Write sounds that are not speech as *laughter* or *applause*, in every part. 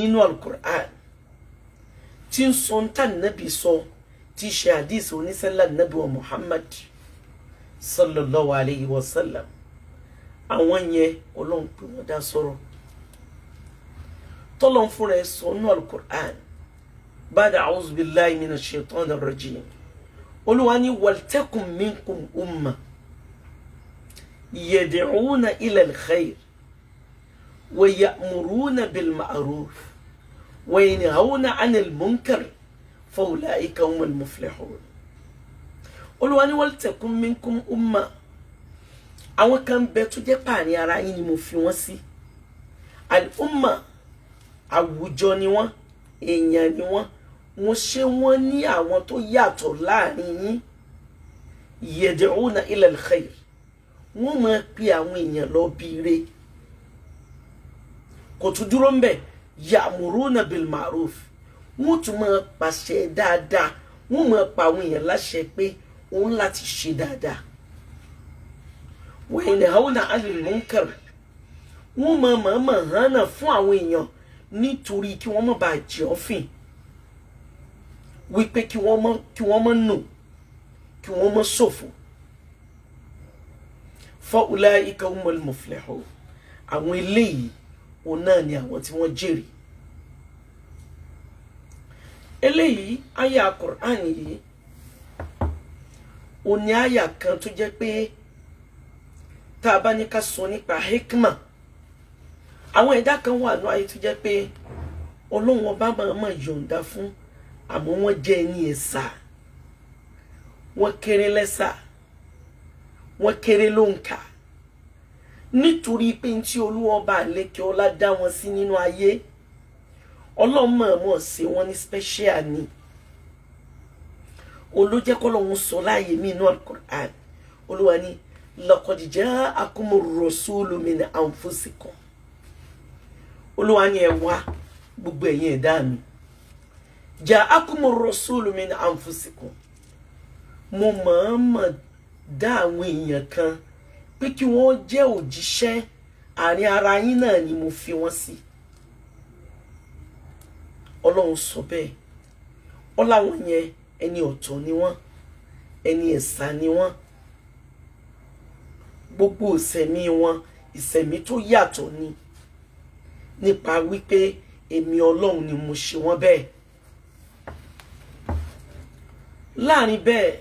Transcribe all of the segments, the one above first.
nínú alukur'an tí ń sọ tá nàbì sọ tí ṣe hadith onísẹ́lá nàbì wa muhammad sallallahu alayhi wa sallam àwọn yẹn ọlọ́run pé wọ́n dá sọ̀rọ̀ tọ́lọ́n fúnra ẹ̀ sọ nínú alukur'an bada a'udhu billahi minash shaitanir rajim olúwa ní waltakum minkum umma yad'una ilal khair. ويأمرون بالمعروف وينهون عن المنكر فأولئك هم المفلحون Olúwa ní waltakun minkum umma àwọn kan bẹ tó jẹ́ pààrin ara yín ni mo fi wọ́n sí al umma àwùjọ ni wọ́n èèyàn ni wọ́n mo ṣe wọ́n ní àwọn tó yàtọ̀ láàrin yín yad'una ila al khair wọ́n máa pe àwọn èèyàn lọ bí ire kò tún dúró ń bẹ̀ ya'muruna bil ma'ruf wọ́n tún máa pàṣẹ dáadáa wọ́n máa pa àwọn èèyàn láṣẹ pé òun láti ṣe dáadáa wa yanhauna 'anil munkar wọ́n máa mọ̀ọ́mọ̀ hànà fún àwọn èèyàn nítorí kí wọ́n má bàa jẹ́ òfin wípé kí wọ́n mọ́ nù kí wọ́n mọ́ ṣòfò fa ulaika humul muflihun àwọn eléyìí òun náà ni àwọn tí wọ́n jèrè eléyìí àyà Qur'an yìí òun ni àyà kan tó jẹ́ pé tá a bá ní ká sọ nípa hikma àwọn ẹ̀dá kan wà ní ayé tó jẹ́ pé ọlọ́run ọba máa máa yọ̀ǹda fún àmọ́ wọ́n jẹ́ ẹni ẹ̀sà wọ́n kéré lẹ́sà wọ́n kéré lóǹkà nítorí pé n tí olúwọba àlékè ọlá dá wọn sí nínú ayé ọlọ́mọọ̀mọ̀ ṣe wọ́n ní special ni olójẹ́kọ́lọ́hún sọ láàyè mí inú alukur'an olúwa ni lọ́kọ̀dìjà akumu rọ̀ṣúlù mi ní àǹfọ̀sìkọ̀ olúwa ni ẹ wá gbogbo ẹ̀yin ẹ̀dá mi jà akumu rọ̀ṣúlù mi ní àǹfọ̀sìkọ̀ mo mọ̀ọ́mọ̀ dá àwọn èèyàn kan pé kí wọ́n jẹ́ òjíṣẹ́ àárín ara yín náà ni mo fi wọ́n sí ọlọ́run sọ bẹ́ẹ̀ ọláwọn yẹn ẹni ọ̀tọ̀ ni wọ́n ẹni ẹ̀sà ni wọ́n gbogbo ìsẹ̀mí wọn ìsẹ̀mí tó yàtọ̀ ni nípa wípé èmi ọlọ́run ni mo ṣe wọ́n bẹ́ẹ̀ láàrin bẹ́ẹ̀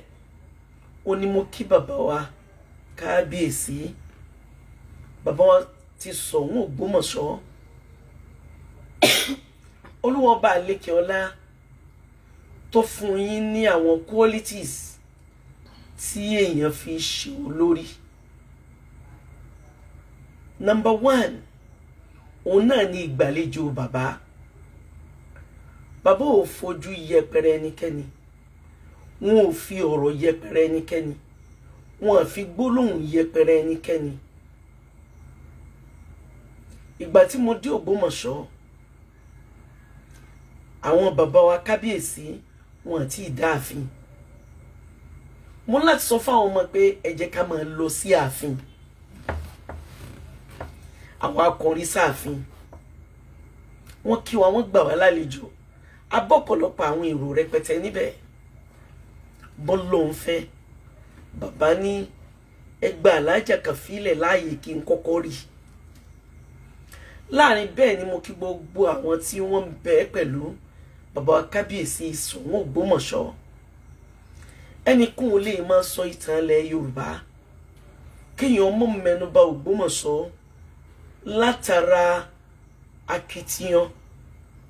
o ni mo kí bàbá wa kábíyèsí bàbá wọn ti sọ̀hún Ògbómọ̀ṣọ́ *coughs* olúwọba àlékè ọlá tó fún yín ní àwọn qualities tí èèyàn fi ṣe olórí number one òun náà ni ìgbàlejò bàbá bàbá ò fojú yẹpẹrẹ ẹnikẹ́ni wọn ò fi ọ̀rọ̀ yẹpẹrẹ ẹnikẹ́ni wọn fi gbólóhùn yẹpẹrẹ ẹnikẹ́ni ìgbà tí mo dé Ògbómọ̀ṣọ́ àwọn bàbá wa kábíyèsí wọn ti dáàfin mo láti sọ fáwọn ọmọ pé ẹ jẹ́ ká máa lọ sí ààfin àwọn akọrin sáàfin wọn kí wa wọn gbà wá lálejò abọ́pọ̀lọpọ̀ àwọn èrò rẹpẹtẹ níbẹ̀ bọ́lọ́hún fẹ́ẹ́ bàbá ní ẹgbà alájà kan fílẹ̀ láàyè kí n kọ́kọ́ rí láàrin bẹ́ẹ̀ ni mo kí gbogbo àwọn tí wọ́n ń bẹ pẹ̀lú bàbá kábíyèsí Ṣọ̀ún Ògbómọ̀ṣọ́ ẹnìkún ò lè máa sọ ìtàn ilẹ̀ Yorùbá kéèyàn mọ̀ mẹ́nubà Ògbómọ̀ṣọ́ látara akitiyan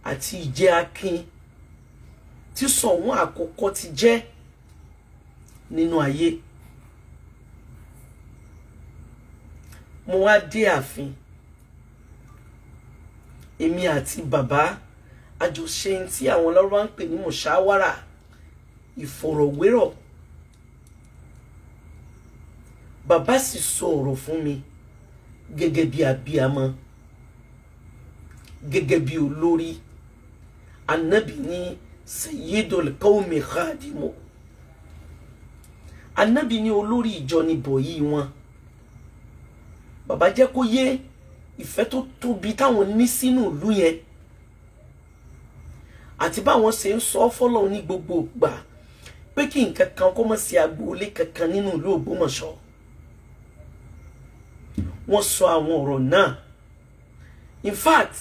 àti ìjẹ́ akin tí Ṣọ̀ún àkọ́kọ́ ti jẹ́ nínú ayé. No mo wá dé ààfin èmi àti bàbá àjọṣe tí àwọn ọlọ́rọ̀ máa ń pè ní mọ̀ṣáwárà ìfọ̀rọ̀wérọ̀ bàbá sì sọ ọ̀rọ̀ fún mi gẹ́gẹ́ bí abiyamọ gẹ́gẹ́ bí olórí anabi ní sayyidul qawmi anabi ní olórí ìjọ ni bọ̀yì wọn bàbá jẹ́ kó yé ìfẹ́ tó tóbi táwọn ní sínú ìlú yẹn àti báwọn ṣe ń sọ fọ́lọ́run ní gbogbo ìgbà pé kí nǹkan kan kó má sí agboolé kankan nínú ìlú Ògbómọ̀ṣọ́ wọ́n sọ àwọn ọ̀rọ̀ náà in fact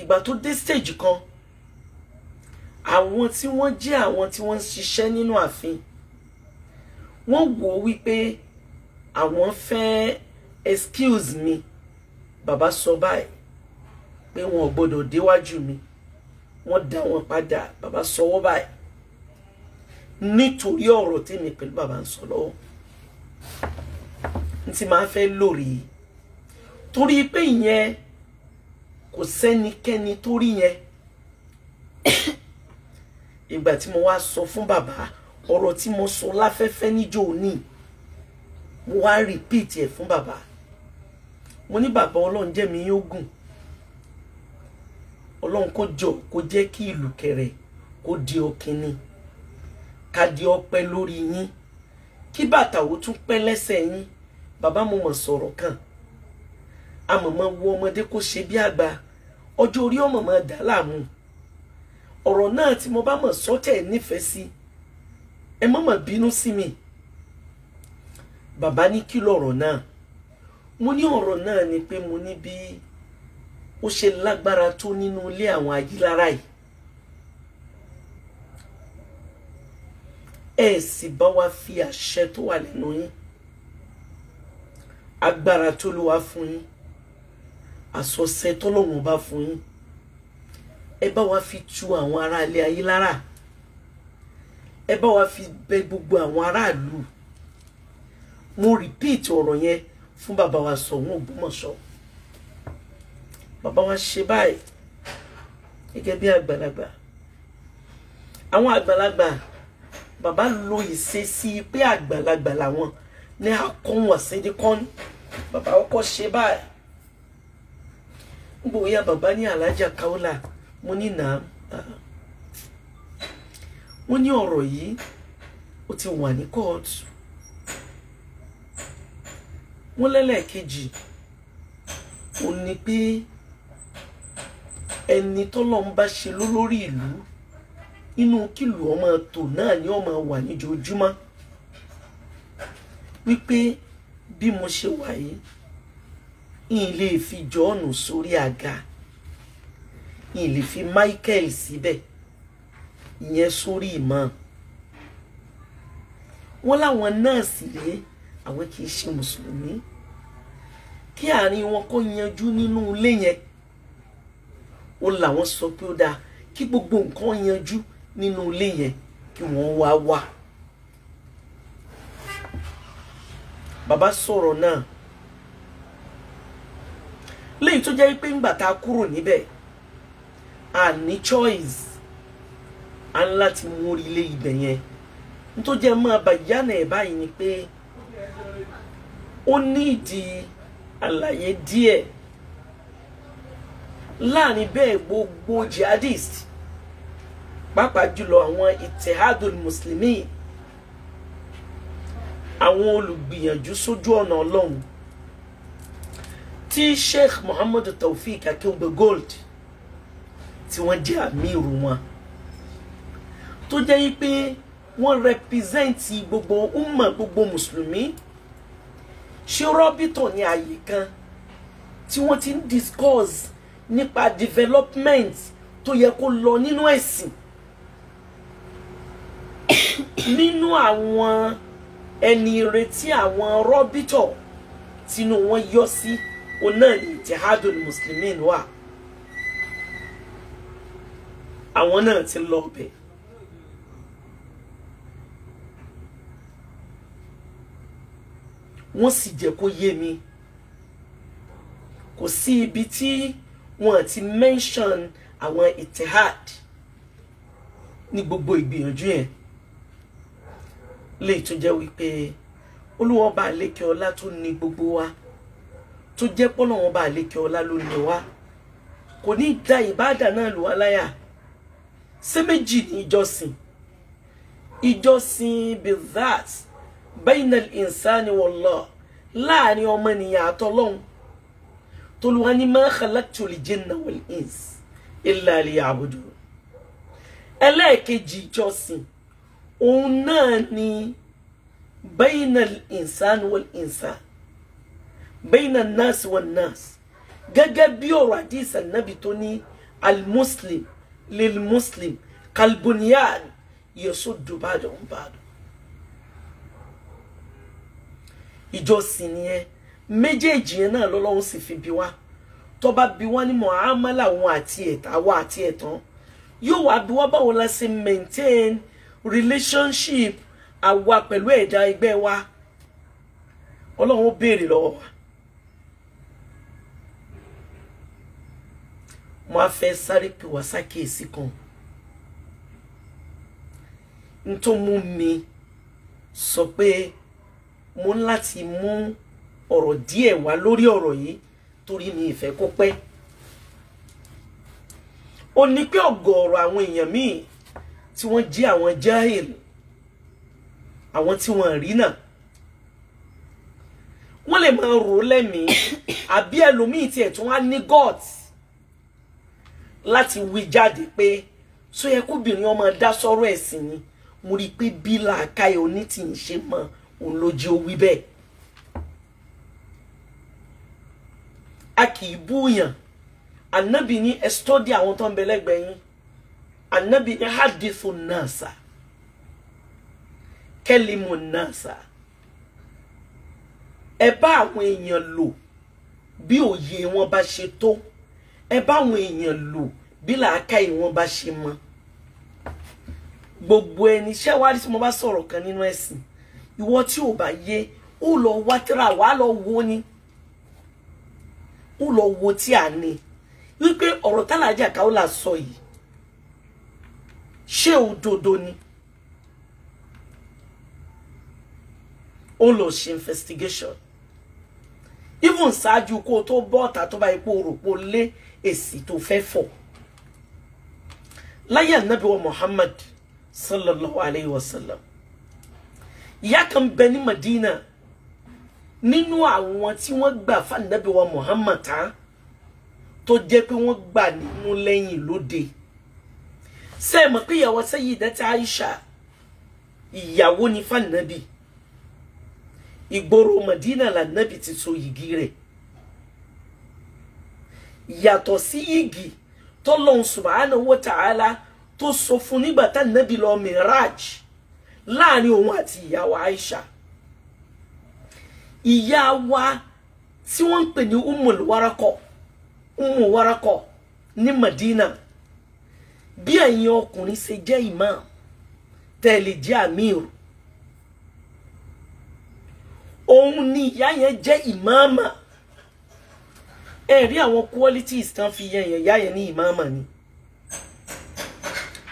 ìgbà tó dé stage kan àwọn tí wọ́n jẹ́ àwọn tí wọ́n ń ṣiṣẹ́ nínú ààfin wọ́n wò ó wípé àwọn fẹ́ẹ́ excuse me Baba sọ báyìí pé wọn ò gbọdọ̀ déwájú mi wọ́n dá wọn padà bàbá sọwọ́ báyìí nítorí ọ̀rọ̀ tèmi pẹ̀lú bàbá ń sọ lọ́wọ́ n ti máa fẹ́ lórí torí pé ìyẹn kò sẹ́nikẹ́ni tó yẹn *coughs* ìgbà tí mo wá sọ fún bàbá ọ̀rọ̀ tí mo sọ láfẹ́fẹ́ níjọ́ òní mo wá rìpíìtì ẹ̀ fún bàbá mo ní bàbá ọlọ́run jẹ́ mi yóò gùn ọlọ́run kó jọ kó jẹ́ kí ìlú kẹrẹ kó di ọkìnni ká di ọpẹ́ lórí yín kí bàtà ó tún pẹ́ lẹ́sẹ̀ yín bàbá mo mọ̀ sọ̀rọ̀ kan amọ̀mọ̀ wo ọmọdé kó ṣe bí àgbà ọjọ́ orí ọmọ dá láàmú ọ̀rọ̀ náà tí mo bá mọ̀ sọ́tẹ̀ nífẹ̀ẹ́ sí ẹ má mà bínú sí mi bàbá ní kí lọ̀rọ̀ náà mo ní ọ̀rọ̀ náà ni pé mo ní bí ó ṣe lágbára tó nínú ilé àwọn ajílára yìí ẹ sì bá wa fi àṣẹ tó wà lẹ́nu yín agbára tó ló wá fún yín àsọsẹ tọlọ́run bá fún yín ẹ bá wa fi tu àwọn ará ilé ẹ bá wa fi bẹ gbogbo àwọn aráàlú mo repeat ọ̀rọ̀ yẹn fún bàbá wa Ṣọ̀ún Ògbómọ̀ṣọ́ bàbá wa ṣe báyìí gẹ́gẹ́ bí àgbàlagbà àwọn àgbàlagbà bàbá lo ìṣesí pé àgbàlagbà làwọn ní akọ́wọ̀n sídìkọ́ni bàbá ọkọ̀ ṣe báyìí gbogbo ya bàbá ní alájà Kaola mo ní nà á wọ́n ní ọ̀rọ̀ yìí ó ti wà ní kóòtù wọ́n lẹ́lẹ́kejì ò ní pé ẹni tọ́lọ́ ń bá ṣe lólórí ìlú inú kìlù ọmọ tò náà ni ọmọ wà níjojúmọ́ wípé bí mo ṣe wà yìí n lè fi jọ́ọ̀nù sórí àga n lè fi Michael síbẹ̀ ìyẹn sórí ìmọ̀ wọn láwọn náà sì rèé àwọn kì í ṣe mùsùlùmí kí àárín wọn kó yanjú nínú ilé yẹn ó làwọn sọ pé ó dáa kí gbogbo nǹkan yanjú nínú ilé yẹn kí wọ́n wá wá. bàbá sọ̀rọ̀ náà léyìí tó jẹ́ pé ńgbà tá a kúrò níbẹ̀ a ní choice a ń láti mú orí ilé ibẹ̀ yẹn nítorí jẹ́ máa bàjẹ́ àná ẹ̀ báyìí ni pé ó ní ìdí. àlàyé díẹ̀ láàrin bẹ́ẹ̀ gbogbo jihadist pàápàá jùlọ àwọn itihadul muslimi àwọn olùgbìyànjú sójú ọ̀nà ọlọ́run tí sheikh muhammad taofik akéwùgbé gold tí wọ́n jẹ́ àmírù wọn tó jẹ́ yí pé wọ́n rẹpizẹ́ǹtì gbogbo umma gbogbo mùsùlùmí ṣé rọ́bìtàn ní àyè kan tí wọ́n ti ń discuss nípa development tó yẹ kó lọ nínú ẹ̀sìn nínú àwọn ẹni ìrètí àwọn rọ́bìtàn tínú wọn yọ sí òun náà ní Ittihadul Muslimin wà àwọn náà ti lọ bẹ́ẹ̀. wọ́n sì jẹ́ kó yé mi kò sí ibi tí wọ́n ti mention àwọn itihad ní gbogbo ìgbìyànjú yẹn lè tún jẹ́ wípé olúwọba àlékè ọlá tó ní gbogbo wa tó jẹ́ pọ́lọ́wọ́ba àlékè ọlá ló ní wa kò ní da ìbáàdà náà lù wá láyà ṣé méjì ní ìjọsìn ìjọsìn bizat bayna al-insani wallah láàrin ọmọnìyàn àtọlọ́hun tolúwa ní ma khalaqtu al-jinna wal-ins illa liya'budun ẹlẹ́ẹ̀kejì ìjọsìn òun náà ni bayna al-insani wal-insan bayna an-nas wan-nas gẹ́gẹ́ bí ọ̀rọ̀ àdìsí ànábì tó ní al-muslim lil-muslim kalbunyan yasuddu ba'dahum ba'dan. ìjọsìn ni, méjèèjì yẹn náà lọ́lọ́run sì fi bí wá tó bá bí wọ́n ní muhammadu àwọn àti ẹ̀tàn àwọn àti ẹ̀tàn yóò wá bí wọ́n báwo la ṣe maintain relationship àwa pẹ̀lú ẹ̀dá ẹgbẹ́ wa ọlọ́run ó béèrè lọ́wọ́ wa. mo á fẹ́ sáré pè wá sákèésí kan n tó mú mi sọ pé mo ń láti mú ọ̀rọ̀ díẹ̀ wá lórí ọ̀rọ̀ yìí torí mi ìfẹ́ kó pẹ́ ó ní pé ọ̀gọ̀ọ̀rọ̀ àwọn èèyàn míì tí wọ́n jí àwọn jahil àwọn tí wọ́n rí náà wọ́n lè máa rò ó lẹ́mìí *coughs* àbí ẹlòmíì tiẹ̀ tí wọ́n á ní gọ́ọ̀t láti wí jáde pé tó kóbìnrin ọmọ dá sọ́rọ̀ ẹ̀sìn ni mo rí i pé bí làákàyè onítìyìn ṣe máa òun ló jẹ́ ó wí bẹ́ẹ̀ a kì í búyàn anabi ní ẹ àwọn tó ń bẹ lẹ́gbẹ̀ẹ́ yín anabi ní hadithu nasa kẹlimu nasa ẹ bá àwọn èèyàn lò bí òye wọn bá ṣe tó ẹ bá àwọn èèyàn lò bí làákàyè wọn bá ṣe mọ gbogbo ẹni ṣẹ́wárí tí mo bá sọ̀rọ̀ kan nínú ẹ̀sìn ìwọ tí ò bá yé ó lọ wá tíra wà á lọ wo ni ó lọ wo tí a ní wípé ọ̀rọ̀ tálàjà káwọ́là sọ yìí ṣé òdodo ni ó lọ ṣe investigation even ṣáájú kó tó bọ́ọ̀tà tó bá ipò òròpó lé èsì tó fẹ́ fọ̀ láyé ànábì wa Muhammad sallallahu alayhi wa sallam ìyá kan bẹ ní Madina nínú àwọn tí wọ́n gbà fànàbí wa Muhammad tán tó jẹ́ pé wọ́n gbà nínú lẹ́yìn lóde ṣé ẹ mọ̀ pé ìyàwó Sayyidati Aisha ìyàwó ni fànàbí ìgboro Madina lànàbí ti so yìgì rẹ̀ yàtọ̀ sí yìgì tọ́lọ́hun subhanahu wa ta'ala tó so fún nígbà tá nàbí lọ Miraj láàrin òun àti ìyá wa Aisha ìyá wa tí wọ́n ń pè ní umul warakọ ní Madina bí ẹ̀yin ọkùnrin ṣe jẹ́ imam tẹ́ lè amir òun ni ìyá yẹn jẹ́ ìmáàmà ẹ rí àwọn qualities tán fi yẹn ìyá yẹn ní ìmáàmà ni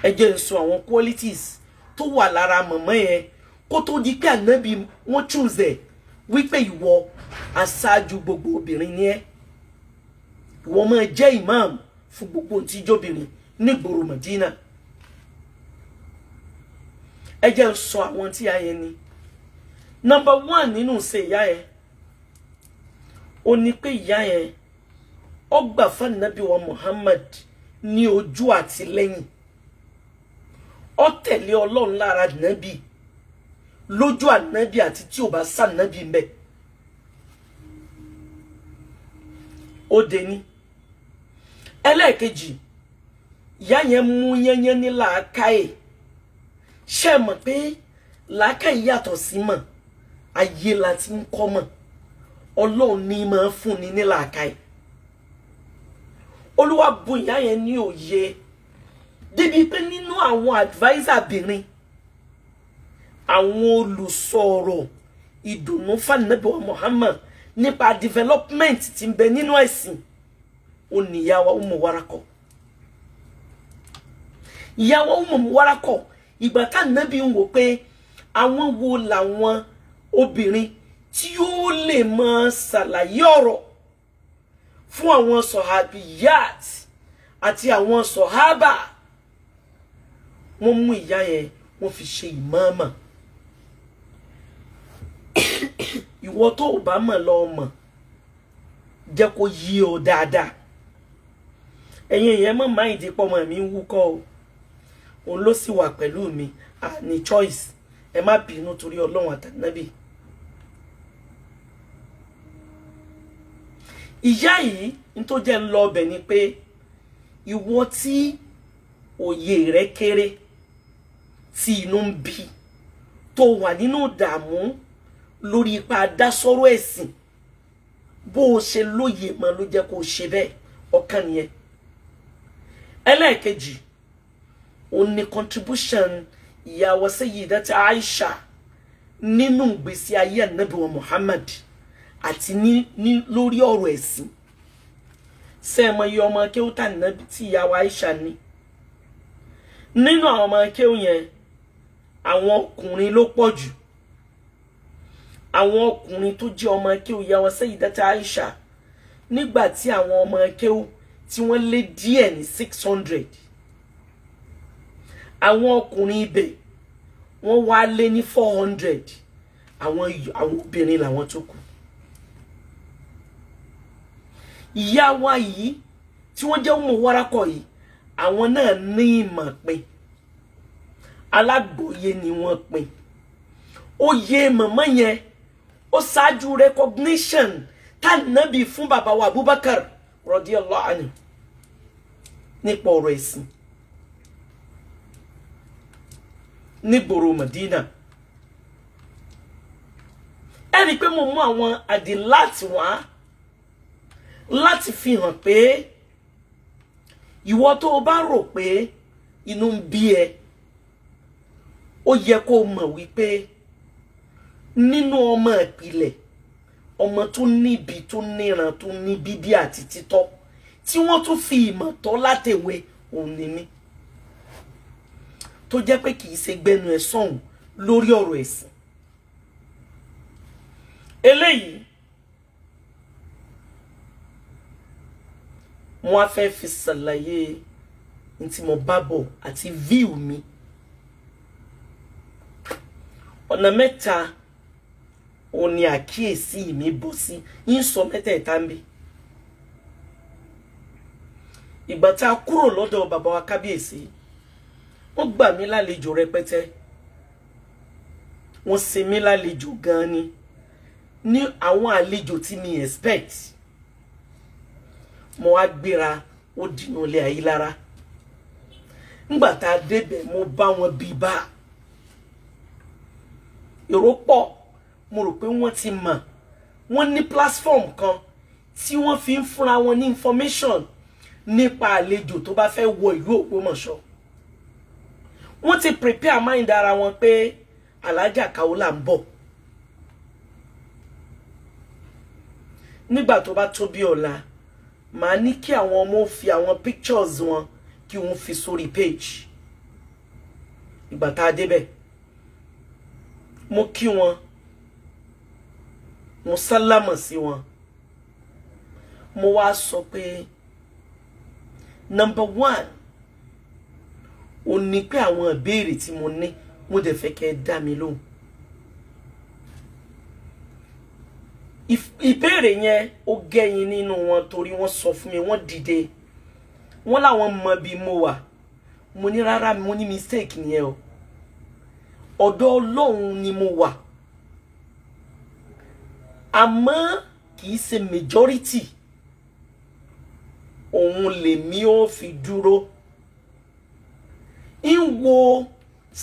ẹ jẹ́ n sọ àwọn qualities tó wà lára mọ̀mọ́ yẹn kó tó di pé ànábì wọ́n choose ẹ̀ wípé ìwọ aṣáájú gbogbo obìnrin ni ẹ́ ìwọ máa jẹ́ imam fún gbogbo tí jóbìnrin nígboro Madina ẹ jẹ́ sọ àwọn tí a yẹn ni number one nínú ṣe ìyá yẹn ó ní pé ìyá yẹn ó fún ànábì wa Muhammad ní ojú àti ọ tẹ̀lé ọlọ́run lára nàbì lójú ànábì àti tí ò bá sànábì mbẹ ó dé ní ẹlẹ́ẹ̀kejì ìyá yẹn mú yẹnyẹn ní làákàyè ṣe mọ̀ pé làákàyè yàtọ̀ sí mọ̀ ayé la ti ń kọ́ mọ̀ ọlọ́run ní máa fún ni ní làákàyè olúwa bu ìyá yẹn ní débi pé nínú àwọn adviser bìnrin àwọn olùsọ̀rọ̀ ìdùnnú fanabi wa Muhammad nípa development tí ń bẹ nínú ẹ̀sìn ó ní ìyàwó Umu Warakọ ìyàwó Umu Warakọ ìgbà tá nàbí ń wò pé àwọn wo làwọn obìnrin tí ó lè máa ṣàlàyé ọ̀rọ̀ fún àwọn sọ̀hábíyàt àti àwọn sọ̀hábà. So wọ́n mú ìyá yẹn wọ́n fi ṣe ìmáàmà ìwọ tó o bá mọ̀ lọ mọ̀ jẹ́ kó yí ọ dáadáa ẹ̀yin èèyàn mọ̀ máa ìdí pọ̀ mi wúkọ́ o òun ló sì wà pẹ̀lú mi à ní choice ẹ má bínú torí ọlọ́run àtànábì. ìyá yìí ní tó jẹ́ ń lọ ọbẹ̀ ni pé ìwọ tí òye rẹ kéré tí inú ń bí tó wà nínú ìdààmú lórí ipa dásọ́rọ̀ ẹ̀sìn bó o ṣe lóye mọ́ ló jẹ́ kó o ṣe bẹ́ẹ̀ ọ̀kan nìyẹn ẹlẹ́ẹ̀kejì òun ni contribution ìyàwó Sayyidati Aisha nínú ìgbésí ayé ànábì Muhammad àti ní ní lórí ọ̀rọ̀ ẹ̀sìn ṣé ẹ mọ iye ọmọ akéwù tànàbí ìyàwó Aisha ni nínú àwọn ọmọ akéwù yẹn àwọn ọkùnrin ló pọ̀ jù àwọn ọkùnrin tó jẹ́ ọmọ akéwù ya wọn sẹ́yìn dátà Aisha nígbà tí àwọn ọmọ akéwù tí wọ́n lé díẹ̀ ní six hundred àwọn ọkùnrin ibẹ̀ wọ́n wá lé ní four hundred àwọn àwọn obìnrin làwọn tó kù ìyá wa yìí tí wọ́n jẹ́ ọmọ wárakọ̀ yìí àwọn náà ní ìmọ̀ pin alágbòye ni wọ́n pin oyè màmá yẹn ó ṣáájú recognition tànàbí fún bàbá wa Abubakar radiyallahu anhu nípa ọ̀rọ̀ ẹ̀sìn nígboro Madina ẹ rí i pé mo mú àwọn àdì láti wá láti fi hàn pé ìwọ tó o bá rò pé inú ń bí ẹ ó yẹ kó mọ̀ wípé nínú ọmọ ìpìlẹ̀ ọmọ tó níbi tó níran tó ní bíbí àti títọ́ tí wọ́n tún fi ìmọ̀ tọ́ látẹ̀wé òun ni mí tó jẹ́ pé kì í ṣe gbẹnu ẹ̀ sọ̀hún lórí ọ̀rọ̀ ẹ̀sìn eléyìí wọ́n á fẹ́ fi ṣàlàyé ní tí àti view mi ọ̀nà mẹ́ta òun ni àkíyèsí mi bọ́ sí yín sọ mẹ́tẹ̀ẹ̀ta ń bí ìgbà tá a kúrò lọ́dọ̀ bàbá wa kábíyèsí wọ́n gbà mí lálejò rẹpẹtẹ wọ́n ṣe mí lálejò gan-an ni ní àwọn àlejò tí mi expect mo wá gbéra ó dìyàn lé ayé lára ńgbà tá a débẹ̀ mo bá wọn bí báà èrò pọ̀ mo rò pé wọ́n ti mọ̀ wọ́n ní platform kan tí wọ́n fi ń fúnra wọn ní information nípa àlejò tó bá fẹ́ wọ ìlú Ògbómọ̀ṣọ́ wọ́n ti prepare mind ara wọn pé alájà Kaola ń bọ̀ nígbà tó bá tó bí ọ̀la màá ní kí àwọn ọmọ fi àwọn pictures wọn kí wọ́n fi sórí page ìgbà tá a débẹ̀ mo kí wọn mo sálámọ̀ sí wọn mo wá sọ pé number one ò ní pé àwọn ìbéèrè tí mo ní mo dẹ̀ fẹ́ kẹ́ ẹ dá mi lóhùn ìbéèrè yẹn ó gẹ́yìn nínú wọn torí wọ́n sọ fún mi wọ́n dìde wọ́n láwọn mọ bí mo wà mo ní rárá mo ní mistake nìyẹn o ọ̀dọ̀ ọlọ́run ni mo wà àmọ́ kì í ṣe majority òun lèmi ó fi dúró ń wo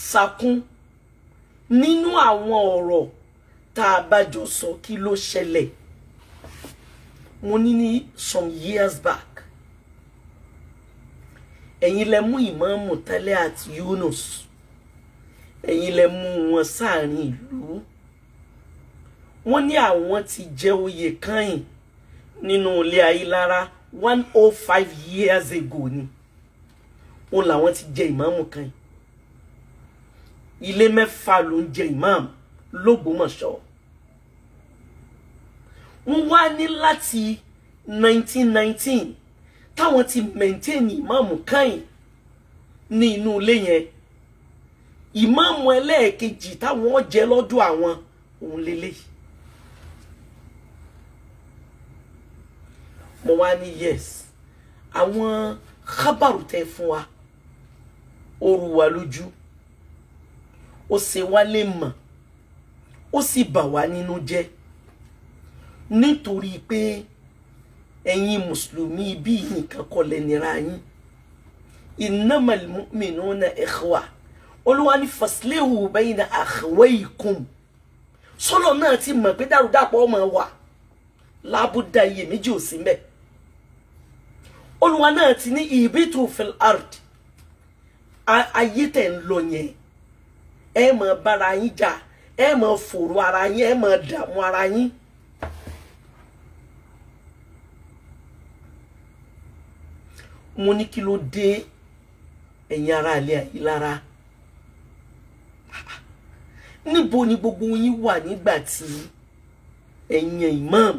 sakun nínú àwọn ọ̀rọ̀ tá a bá jọ sọ kí ló ṣẹlẹ̀ mo ní ní some years back ẹ̀yin lẹ mú ìmáàmù tẹ́lẹ̀ àti Yunus ẹ̀yin lẹ mú wọn sáàrin ìlú wọ́n ní àwọn ti jẹ oyè kányìn nínú ilé Ayílára one oh five years ago ni ó làwọn ti jẹ ìmáàmù kányìn ilé mẹ́fà ló ń jẹ ìmáàmù lógbómọ̀ṣọ́ wọ́n wá ní láti 1919 táwọn ti maintain ìmáàmù kányìn ní inú ilé yẹn ìmáàmù ẹlẹ́ẹ̀kejì táwọn jẹ lọ́dọ̀ àwọn òun lélẹ̀ mo wá ní yes àwọn kábàrù tẹ fún wa ó rú wa lójú ó ṣe wá lè mọ̀ ó sì bà wá nínú jẹ́ nítorí pé ẹ̀yin mùsùlùmí bíi nìkan kọ́ lẹ́nira yín innamal mu'minuna ikhwa olúwa ní fasilihu bẹ́yìn akhwaykum sọ́lọ̀ náà ti mọ̀ pé dàrúdàpọ̀ ọmọ wa lábúdá iyèméjì ò sí mbẹ́ olúwa náà ti ní ibitu fil ard ayé tẹ̀ ń lọ yẹn ẹ máa bára yín jà ẹ máa fòrò ara yín ẹ máa dààmú ara yín. mo ní kí ló dé ẹ̀yin ara ilé ayé níbo ni gbogbo yín wà nígbà tí ẹ̀yin imam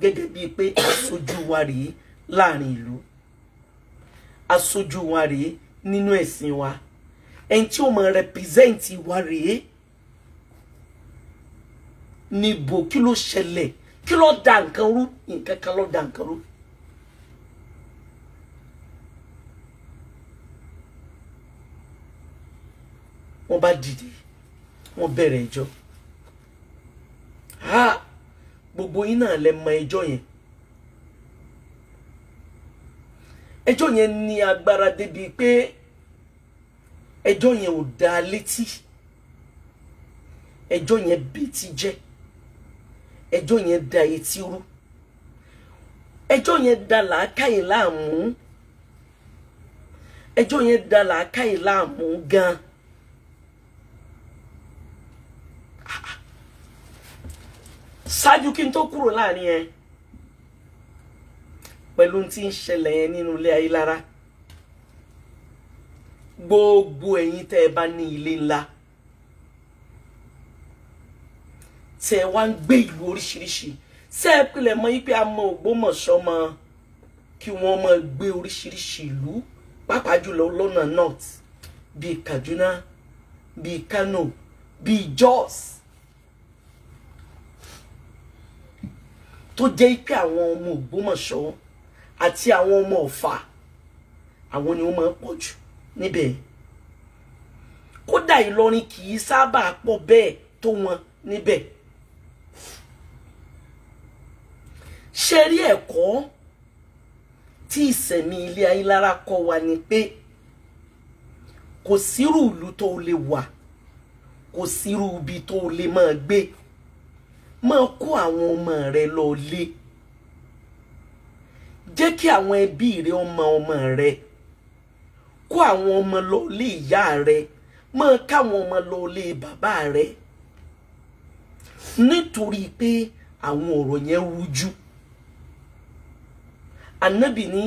gẹ́gẹ́ bíi pé aṣojú wa rèé láàrin ìlú aṣojú wa rèé nínú ẹ̀sìn wa ẹni tí ó máa rẹpizẹ́ǹtì wa rèé níbo kí ló ṣẹlẹ̀ kí ló da nǹkan rú nǹkan kan ló da nǹkan rú. wọ́n bá dìde wọ́n bẹ̀rẹ̀ ẹjọ́ ha gbogbo yín náà lẹ mọ ẹjọ́ yẹn ẹjọ́ yẹn ní agbára débi pé ẹjọ́ yẹn ò dá létí ẹjọ́ yẹn bíi ti jẹ́ ẹjọ́ yẹn da etí rú ẹjọ́ yẹn da làákàyè láàmú ẹjọ́ yẹn da làákàyè láàmú gan-an. ṣáájú kí n tó kúrò láàrin ẹ pẹ̀lú tí ń ṣẹlẹ̀ yẹn nínú ilé ayé lára gbogbo ẹ̀yin tẹ́ ẹ bá ní ilé ńlá tẹ́ ẹ wá ń gbé ìlú oríṣiríṣi tẹ́ ẹ pilẹ̀ mọ́ yí pé a mọ Ògbómọ̀ṣọ́ mọ́ kí wọ́n máa gbé oríṣiríṣi ìlú pàápàá jùlọ lọ́nà north bíi Kaduna bíi Kano bíi Jos tó jẹ́ pé àwọn ọmọ Ògbómọ̀ṣọ́ àti àwọn ọmọ Ọ̀fà àwọn ni wọ́n máa ń pọ̀ jù níbẹ̀ kódà Ìlọrin kì í sábà pọ̀ bẹ́ẹ̀ tó wọn níbẹ̀ ṣe rí ẹ̀kọ́ tí ìsẹ̀mí ilé ayé lára kọ́ wa ni pé kò sírú ìlú tó lè wà kò sírú ibi tó lè máa gbé máa kó àwọn ọmọ rẹ lọ lé jẹ́ kí àwọn ẹbí rẹ ọmọ ọmọ rẹ kó àwọn ọmọ lọ lé ìyá rẹ máa káwọn ọmọ lọ lé bàbá rẹ nítorí pé àwọn ọ̀rọ̀ yẹn rújú anabi ní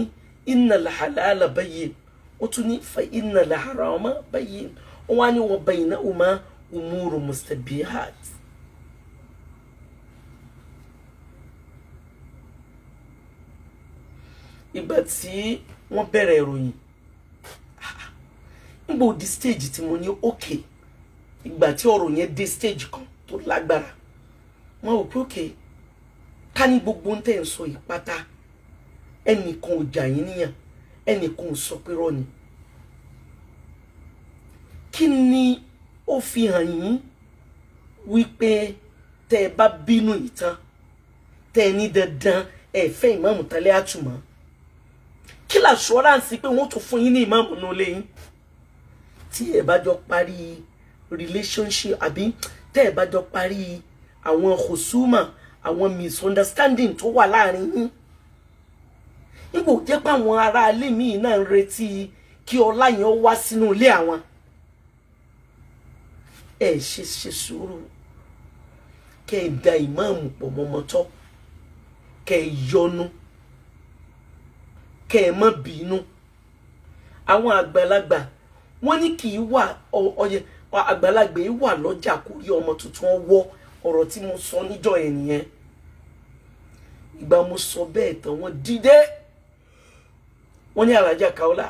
innal halala bayyin ó tún ní fa innal harama bayyin ó wá ní wa baynahuma umuru mustabihat. ìgbà tí wọ́n bẹ̀rẹ̀ ìròyìn ah, nígbà ó di stage tí mo ní òkè ìgbà tí ọ̀rọ̀ yẹn dé stage kan tó lágbára wọn ò pé òkè ká ní gbogbo ń tẹ̀ ń sọ yìí ẹnìkan ò jà yín níyàn ẹnìkan ò sọ pé rọ́ọ̀nì kí ni ó fi hàn yín wípé tẹ́ ẹ bá bínú ìtàn tẹ́ ẹ ní dandan ẹ fẹ́ ìmáàmù tálẹ́ àtùmọ̀ kí la assurance pé wọ́n tún fún yín ní ìmáàmù nù lé tí ẹ bá jọ parí relationship àbí tẹ́ ẹ bá jọ parí àwọn hosuma àwọn misunderstanding tó wà láàrin yín nígbò jẹ́ pé àwọn ará ilé mi náà ń retí kí ọlá yẹn wá sínú ilé àwọn ẹ ṣe ṣe sùúrù kẹ́ ẹ da ìmáàmù pọ̀ mọ́mọ́tọ́ kẹ́ ẹ yọnu kẹ́ ẹ mọ́ bínú àwọn àgbàlagbà wọ́n ní kì í wà ọyẹ àgbàlagbà yìí wà lọ́jà kó rí ọmọ tuntun wọ́ ọ̀rọ̀ tí mo sọ níjọ́ yẹn nìyẹn ìgbà mo sọ bẹ́ẹ̀ tán wọ́n dìde wọ́n ní alájà Kaola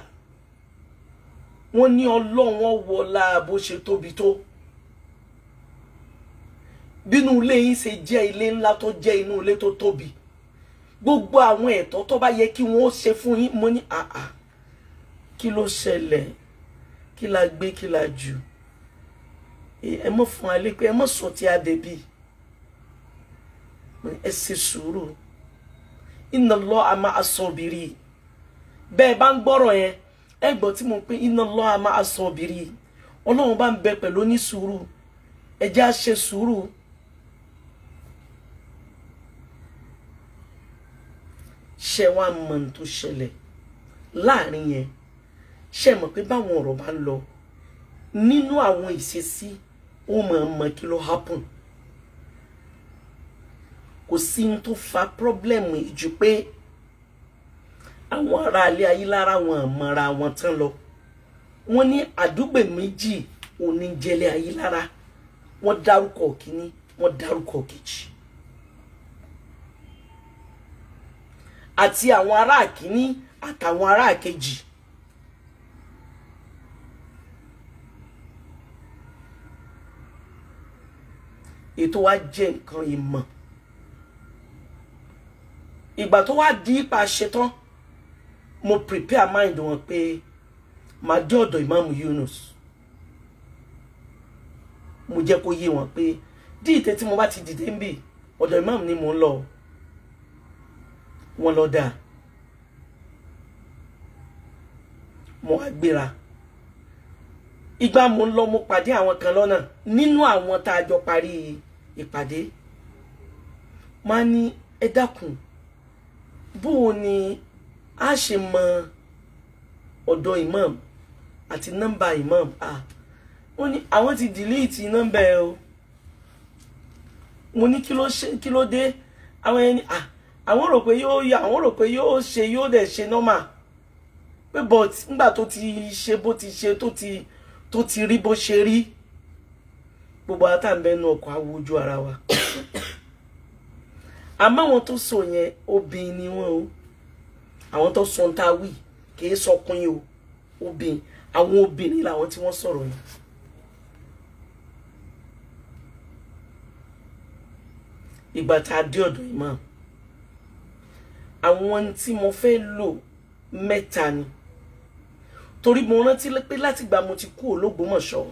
wọ́n ní ọlọ́wọ́n wọlá bó ṣe tóbi tó bínú ilé yín ṣe jẹ́ ilé ńlá tó jẹ́ inú ilé tó tóbi gbogbo àwọn ẹ̀tọ́ tó bá yẹ kí wọ́n ó ṣe fún yín mo ní àà kí ló ṣẹlẹ̀ kí la gbé kí la jù ẹ mọ̀ fún wa lé pé ẹ mọ̀ sọ ti adẹ́bí ẹ ṣe sùúrù iná lọ a máa sọ òbírí bẹ́ẹ̀ bá ń gbọ́rọ̀ yẹn ẹ gbọ́ tí mo pé iná lọ a máa sọ òbírí ọlọ́run bá ń bẹ pẹ̀lú onísùúrù ẹ jẹ́ à sùúrù. ṣe wá mọ̀ ní tó ṣẹlẹ̀ láàrin yẹn ṣe mọ̀ pé báwọn ọ̀rọ̀ bá ń lọ nínú àwọn ìṣesí ó mọ̀ mọ̀ kí ló happen kò sí ní tó fa problem yìí ju pé àwọn ará ilé ayé lára wọn mọ̀ra wọn tán lọ wọ́n ní àdúgbò méjì oníjẹlẹ ayé lára wọ́n dárúkọ kínní wọ́n dárúkọ kejì. àti àwọn ará àkíní àtàwọn ará àkejì ètò wa jẹ́ nǹkan ìmọ̀ ìgbà tó wá di ipa ṣetán mo prepare mind wọn pé màá dé ọ̀dọ̀ ìmáàmù Yunus mo jẹ́ kó yé wọn pé díìtẹ́ tí mo bá ti dìde ń bì ọ̀dọ̀ ìmáàmù ni mò ń lọ wọ́n lọ dáa mo wá gbéra ìgbà mo ń lọ mo pàdé àwọn kan lọ́nà nínú àwọn tá a jọ parí ìpàdé máa ní ẹ dákun bó o ní a ṣe mọ ọ̀dọ̀ imam àti nọ́mbà imam ah wọ́n ní àwọn ti dìlíìtì nọ́mbà ẹ o mo ní kí ló dé àwọn ẹni ah àwọn rò pé yóò yà àwọn rò pé yóò ṣe yóò dẹ̀ ṣe normal pé but nígbà tó ti ṣe bó ti ṣe tó ti tó ti rí bó ṣe rí gbogbo àtàǹbẹ̀nu ọkọ̀ awojú ara wa àmọ́ àwọn tó sọ yẹn obìnrin ni wọ́n o àwọn tó sọ ń ta wí kì sọkùnrin o obìnrin àwọn obìnrin làwọn tí wọ́n sọ̀rọ̀ yẹn. ìgbà tá a dé ọ̀dọ̀ imam àwọn tí mo fẹ́ lò mẹ́ta ni torí mo rántí pé látìgbà mo ti kú ológbòmọ̀ṣọ́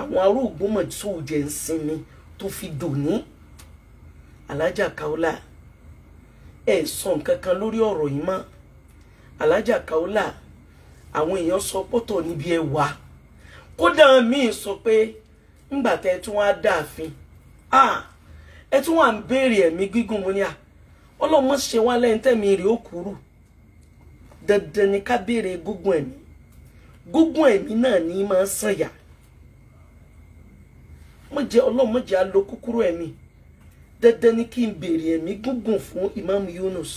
àwọn ará Ògbómọ̀ṣọ́ òjẹ ń sinmi tó fi dòní alájà Kaola ẹ sọ nǹkan kan lórí ọ̀rọ̀ yìí mọ́ alájà Kaola àwọn èèyàn sọ pọtọ níbi ẹ wà kódà míín sọ pé ńgbà tẹ ẹ tún wá dáàfin ẹ tún wà ń béèrè ẹ̀mí gígùn mo ní à ọlọ́mọ ṣe wá lẹ́yìn tẹ̀mí rè ó kúrú dandan ni ká béèrè ẹ̀mí gúngún ẹ̀mí náà ní máa sànyà ọlọ́mọ alo kúkúrú ẹ̀mí dandan ni kí n béèrè ẹ̀mí gúngún fún Imam Yunus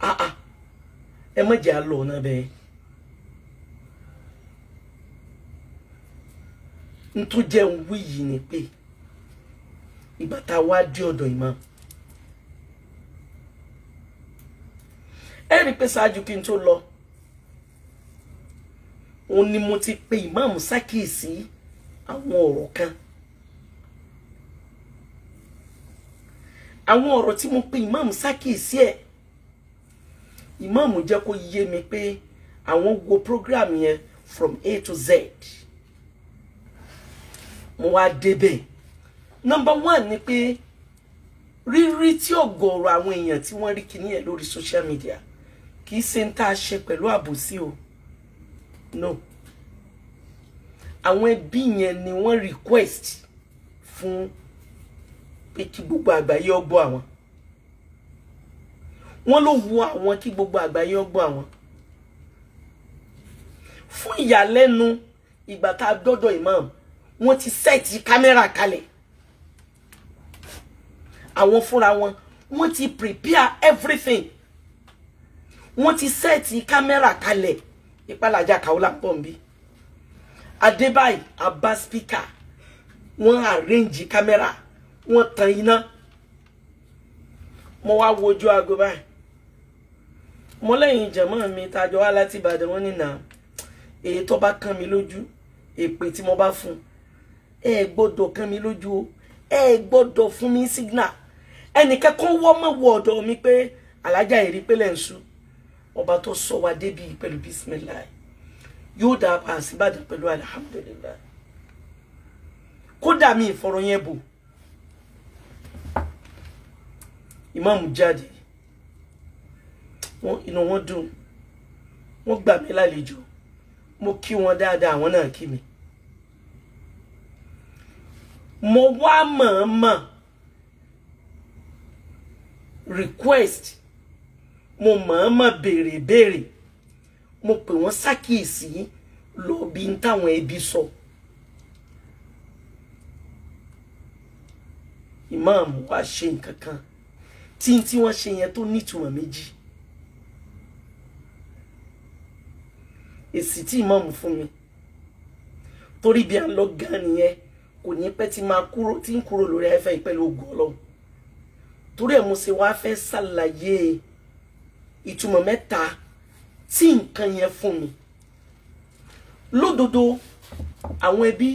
ẹ má alo náà bẹ́ẹ̀. n tó wí yìí ni pé Imam. ẹ rí i pé ṣáájú kí n tó lọ òun ni mo ti pe ìmáàmù ṣàkíyèsí àwọn ọ̀rọ̀ kan àwọn ọ̀rọ̀ tí mo pe ìmáàmù ṣàkíyèsí ẹ̀ ìmáàmù jẹ́ kó yé mi pé àwọn wo program yẹn from A to Z mo wá débẹ̀ number one ni pé rírí tí ọ̀gọ̀ọ̀rọ̀ àwọn èèyàn tí wọ́n rí kíní ẹ̀ lórí social media kì í ṣe ń tá a ṣe pẹ̀lú àbòsí o no àwọn ẹbí yẹn ni wọ́n request fún pé kí gbogbo àgbáyé ọgbọ́ àwọn wọ́n ló wu àwọn kí gbogbo àgbáyé ọgbọ́ àwọn fún ìyàlẹ́nu ìgbà tá a dọ́dọ̀ imam wọ́n ti sẹ́ẹ̀tì kámẹ́rà kalẹ̀ àwọn fúnra wọn wọ́n ti prepare everything wọ́n ti sẹ́ẹ̀tì kámẹ́rà kalẹ̀ ìpalàjà kàwọ́lá pọ̀ ń bí adébáyì abá spíkà wọ́n àrẹ́ǹjì kámẹ́rà wọ́n tan iná mo wá wojú aago báyìí mo lẹ́yìn ìjẹ̀mọ́ mi tajọ wá láti ìbàdàn wọn nìna èyí tó bá kàn mí lójú èpè tí mo bá fún ẹ gbọ́dọ̀ kàn mí lójú o ẹ gbọ́dọ̀ fún mi signal ẹnìkan kan wọ́ mọ̀ wọ ọ̀dọ̀ mi pé alájà ìrí pé lẹ́ sùn ọba tó sọ wa débi pẹ̀lú bisimilayi yóò dá a sí Ìbàdàn pẹ̀lú alihamudulilayi kódà mi ìfọ̀rọ̀ yẹn bò ìmáàmù jáde wọn inú wọn dùn wọn gbà mí lálejò mo kí wọn dáadáa àwọn náà kí mi mo wá mọ̀ọ́mọ̀ request mo mọ̀ọ́mọ̀ béèrè béèrè mo pè wọ́n ṣàkíyèsí lọ bí n táwọn ẹbí sọ. ìmáàmù wa ṣe nǹkan kan tí tí wọ́n ṣe yẹn tó nítumọ̀ méjì. èsì tí ìmáàmù fún mi torí bí a ń lọ gan nìyẹn kò ní pẹ́ tí máa kúrò tí ń kúrò lórí afẹ́fẹ́ pẹ̀lú ògùn ọlọ́run torí ẹ̀ mo ṣe wá fẹ́ ṣàlàyé ìtumọ̀ mẹ́ta tí nǹkan yẹn fún mi lódodo àwọn ẹbí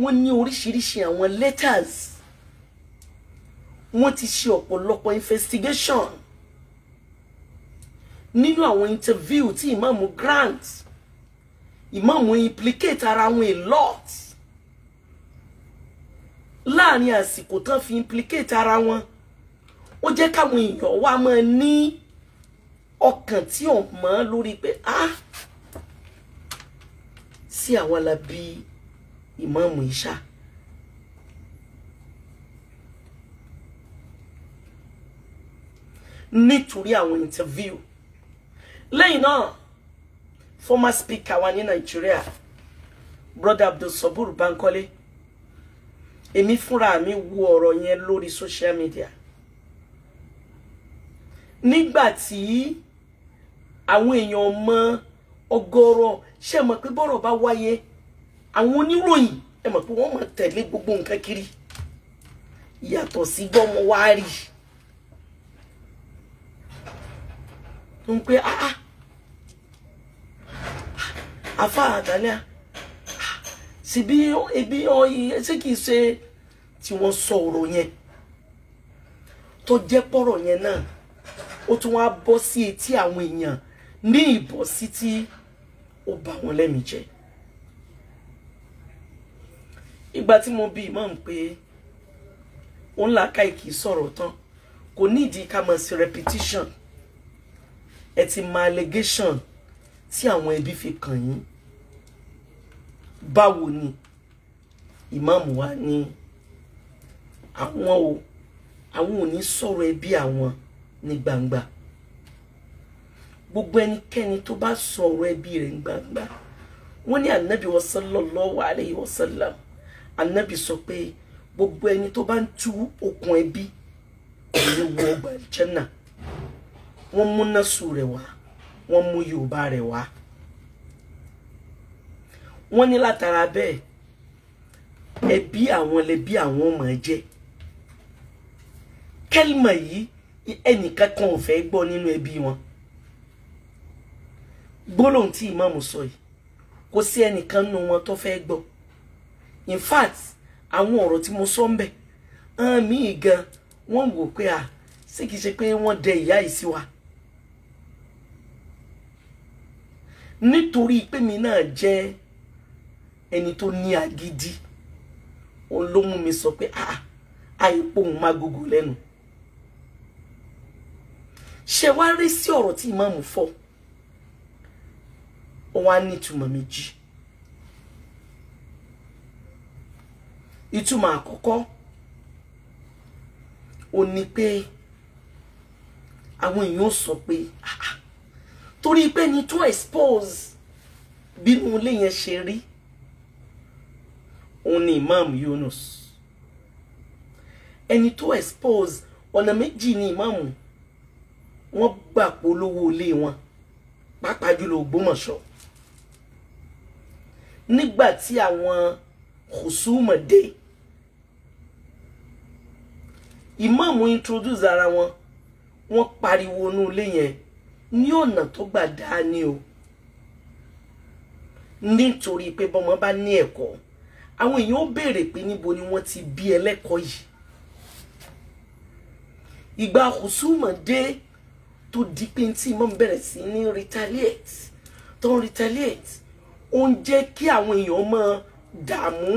wọ́n ní oríṣiríṣi àwọn letters wọ́n ti ṣe ọ̀pọ̀lọpọ̀ investigation nínú àwọn interview tí ìmáàmù Grant ìmáàmù implicate ara wọn a lot láàrin àsìkò tán fi implicate ara wọn ó jẹ́ káwọn èèyàn wa máa ní ọkàn tí ò mọ̀ lórí pé a ah, sí àwa la bí ìmáàmù ìṣá nítorí àwọn interview lẹ́yìn náà former speaker wa ní Nàìjíríà brother Abdul Sabur Bankole èmi fúnra mi wo ọ̀rọ̀ yẹn lórí social media nígbà tí àwọn èèyàn mọ ọ̀gọ̀rọ̀ ṣe mọ̀ pé bọ́rọ̀ bá wáyé àwọn oníròyìn ẹ mọ̀ pé wọ́n máa tẹ̀lé gbogbo nǹkan kiri yàtọ̀ sí bọ́mọ wá rí n pé ah afa ah, ah, àtàlẹ́ síbi ah, ebi ọyìn ṣé kìí ṣe tí wọ́n sọ ọ̀rọ̀ yẹn tó jẹ́ pọ̀rọ̀ yẹn náà ó tún wá bọ́ sí etí àwọn èèyàn ní ìbọ̀sí tí ó bá wọn lẹ́mìí jẹ́ ìgbà tí mo bi imam pé ó ń làákà ìkì sọ̀rọ̀ tán kò nídìí ká máa ṣe repetition ẹ ti mọ allegation tí àwọn ẹbí fi kàn yín báwo ni imam wa ni àwọn o àwọn ò ní sọ̀rọ̀ ẹbí àwọn ní gbangba gbogbo ẹnikẹ́ni tó bá sọ ọ̀rọ̀ ẹbí rẹ̀ gbangba wọ́n ní ànábì wọn sallallahu alayhi wa sallam ànábì sọ pé gbogbo ẹni tó bá ń tú okùn ẹbí kò ní wọ ọgbà àlùjánnà wọ́n mú násù rẹ̀ wá wọ́n mú yorùbá rẹ̀ wá wọ́n ní látara bẹ́ẹ̀ ẹbí àwọn lẹbí àwọn ọmọ jẹ kẹlìmọ yìí ẹnìkan kan ò fẹ́ gbọ́ nínú ẹbí wọn gbólóhùn tí ìmáàmù sọ yìí kò sí ẹnìkan nínú wọn tó fẹ́ gbọ́ in fact àwọn ọ̀rọ̀ tí mo sọ ń bẹ̀ hàn mí gan wọ́n wò pé à sí kìí ṣe pé wọ́n dẹ ìyá yìí sí wa nítorí pé mi náà jẹ́ ẹni tó ní agídí òun ló mú mi sọ pé ah àìpò òun máa gògò lẹ́nu ṣe wá rí sí ọ̀rọ̀ tí ìmáàmù fọ́ọ́ ó wá ní ìtumọ̀ méjì ìtumọ̀ àkọ́kọ́ ó ní pé àwọn èèyàn sọ pé torí pé ní tó expose bínú ilé yẹn ṣe rí òun ni Imam Yunus ẹni tó expose ọ̀nà méjì ni Imam wọ́n gbà polówó ilé wọn pàápàá jùlọ Ògbómọ̀ṣọ́ nígbà tí àwọn hùsùmọ̀ dé ìmáàmù introduce ara wọn wọ́n pariwo inú ilé yẹn ní ọ̀nà tó gbà dáa ni o nítorí pé bọ́mọ bá ní ẹ̀kọ́ àwọn èèyàn ó béèrè pé níbo ni wọ́n ti bí ẹlẹ́kọ̀ọ́ yìí ìgbà hùsùmọ̀ dé tó di pé tí imam bẹ̀rẹ̀ sí ní retaliate tó ń retaliate ó ń jẹ́ kí àwọn èèyàn máa dààmú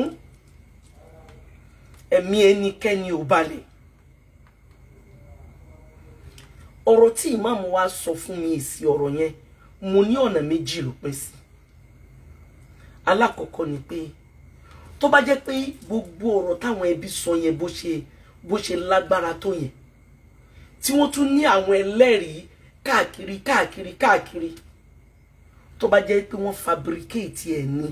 ẹ̀mí ẹnikẹ́ni ò balẹ̀ ọ̀rọ̀ tí ìmáàmù wa sọ fún mi èsì ọ̀rọ̀ yẹn mo ní ọ̀nà méjì ló pín sí alákọ̀ọ́kọ́ ni pé tó bá jẹ́ pé gbogbo ọ̀rọ̀ táwọn ẹbí sọ yẹn bó ṣe bó ṣe lágbára tó yẹn tí wọ́n tún ní àwọn ẹlẹ́rìí káàkiri káàkiri káàkiri. káàkiri tó bá jẹ́ pé wọ́n fabricate ẹ̀ ni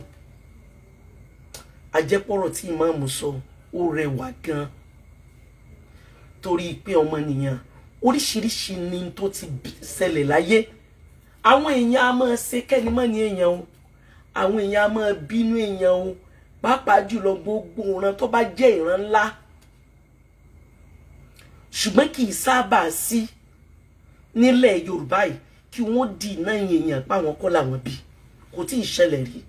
ajẹ́pọ̀rọ̀ tí ìmáàmù sọ ó rẹwà gan torí pé ọmọnìyàn oríṣiríṣi ni tó ti ṣẹlẹ̀ láyé àwọn èèyàn a máa ṣe kẹ́nimọ́ ní èèyàn o àwọn èèyàn a máa bínú èèyàn o pàápàá jùlọ gbogbo ìran tó bá jẹ́ ìran ńlá ṣùgbọ́n kì í sábà sí nílẹ̀ Yorùbá yìí kí wọ́n dì náà èèyàn páwọn kọ́ làwọn bí kò tí ì ṣẹlẹ̀ rí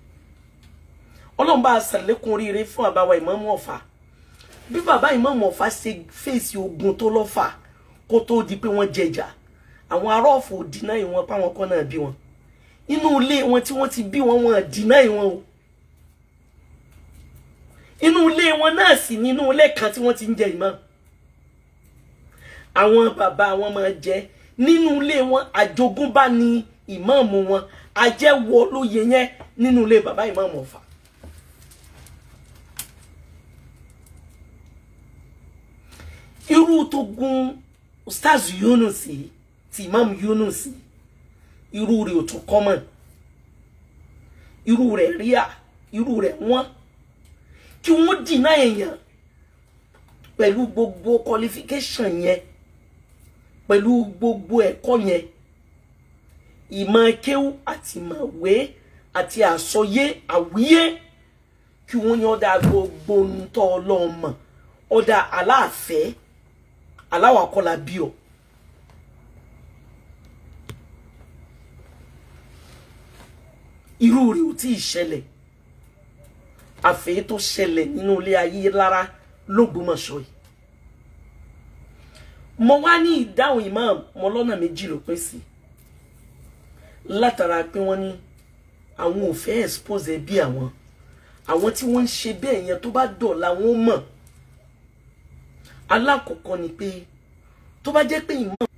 ọlọ́run bá a ṣàlékún oríire fún àbáwá ìmáàmù ọ̀fà bí bàbá ìmáàmù ọ̀fà ṣe fèsì ogun tó lọ́fà kó tó di pé wọ́n jẹjà àwọn ará ọ̀fọ̀ ò dínà ìwọ̀n páwọn kọ́ náà bí wọn inú ilé wọn tí wọ́n ti bí wọn wọn dínà ìwọ̀n o inú ilé wọn náà sì ní inú ilé kan tí wọ́n ti ń jẹ ìmọ̀ àwọn bàbá wọn máa jẹ́ nínú ilé wọn àjogúnbá ni ìmáàmù wọn ajẹ́wọ́ ló yẹ yẹn nínú ilé bàbá ìmáàmù Ọ̀fà. irú tó gun ustaz Yunus ti ìmáàmù Yunus irú rẹ̀ ò tún kọ́mọ̀ irú rẹ̀ ríà irú rẹ̀ wọ́n kí wọ́n dì náà èèyàn pẹ̀lú gbogbo qualification yẹn pẹ̀lú gbogbo ẹ̀kọ́ yẹn ìmọ̀ kéwú àti ìmọ̀wé àti àsọyé àwíyé kí wọ́n yan ọ̀dà gbogbo ohun tó ọlọ́mọ ọ̀dà aláàfẹ́ aláwàkọ́lá bíọ̀. irú rẹ̀ ò tí ì ṣẹlẹ̀ àfẹ́ tó ṣẹlẹ̀ nínú ilé ayé lára lógbómọ̀ṣọ́ yìí mo wá ní ìdáhùn imam mo lọ́nà méjì ló pín sí látara pé wọ́n ní àwọn ò fẹ́ expose ẹbí àwọn àwọn tí wọ́n ń ṣe bẹ́ẹ̀ yẹn tó bá dọ̀la wọ́n mọ̀ alákọ̀ọ́kọ́ ni pé tó bá jẹ́ pé imam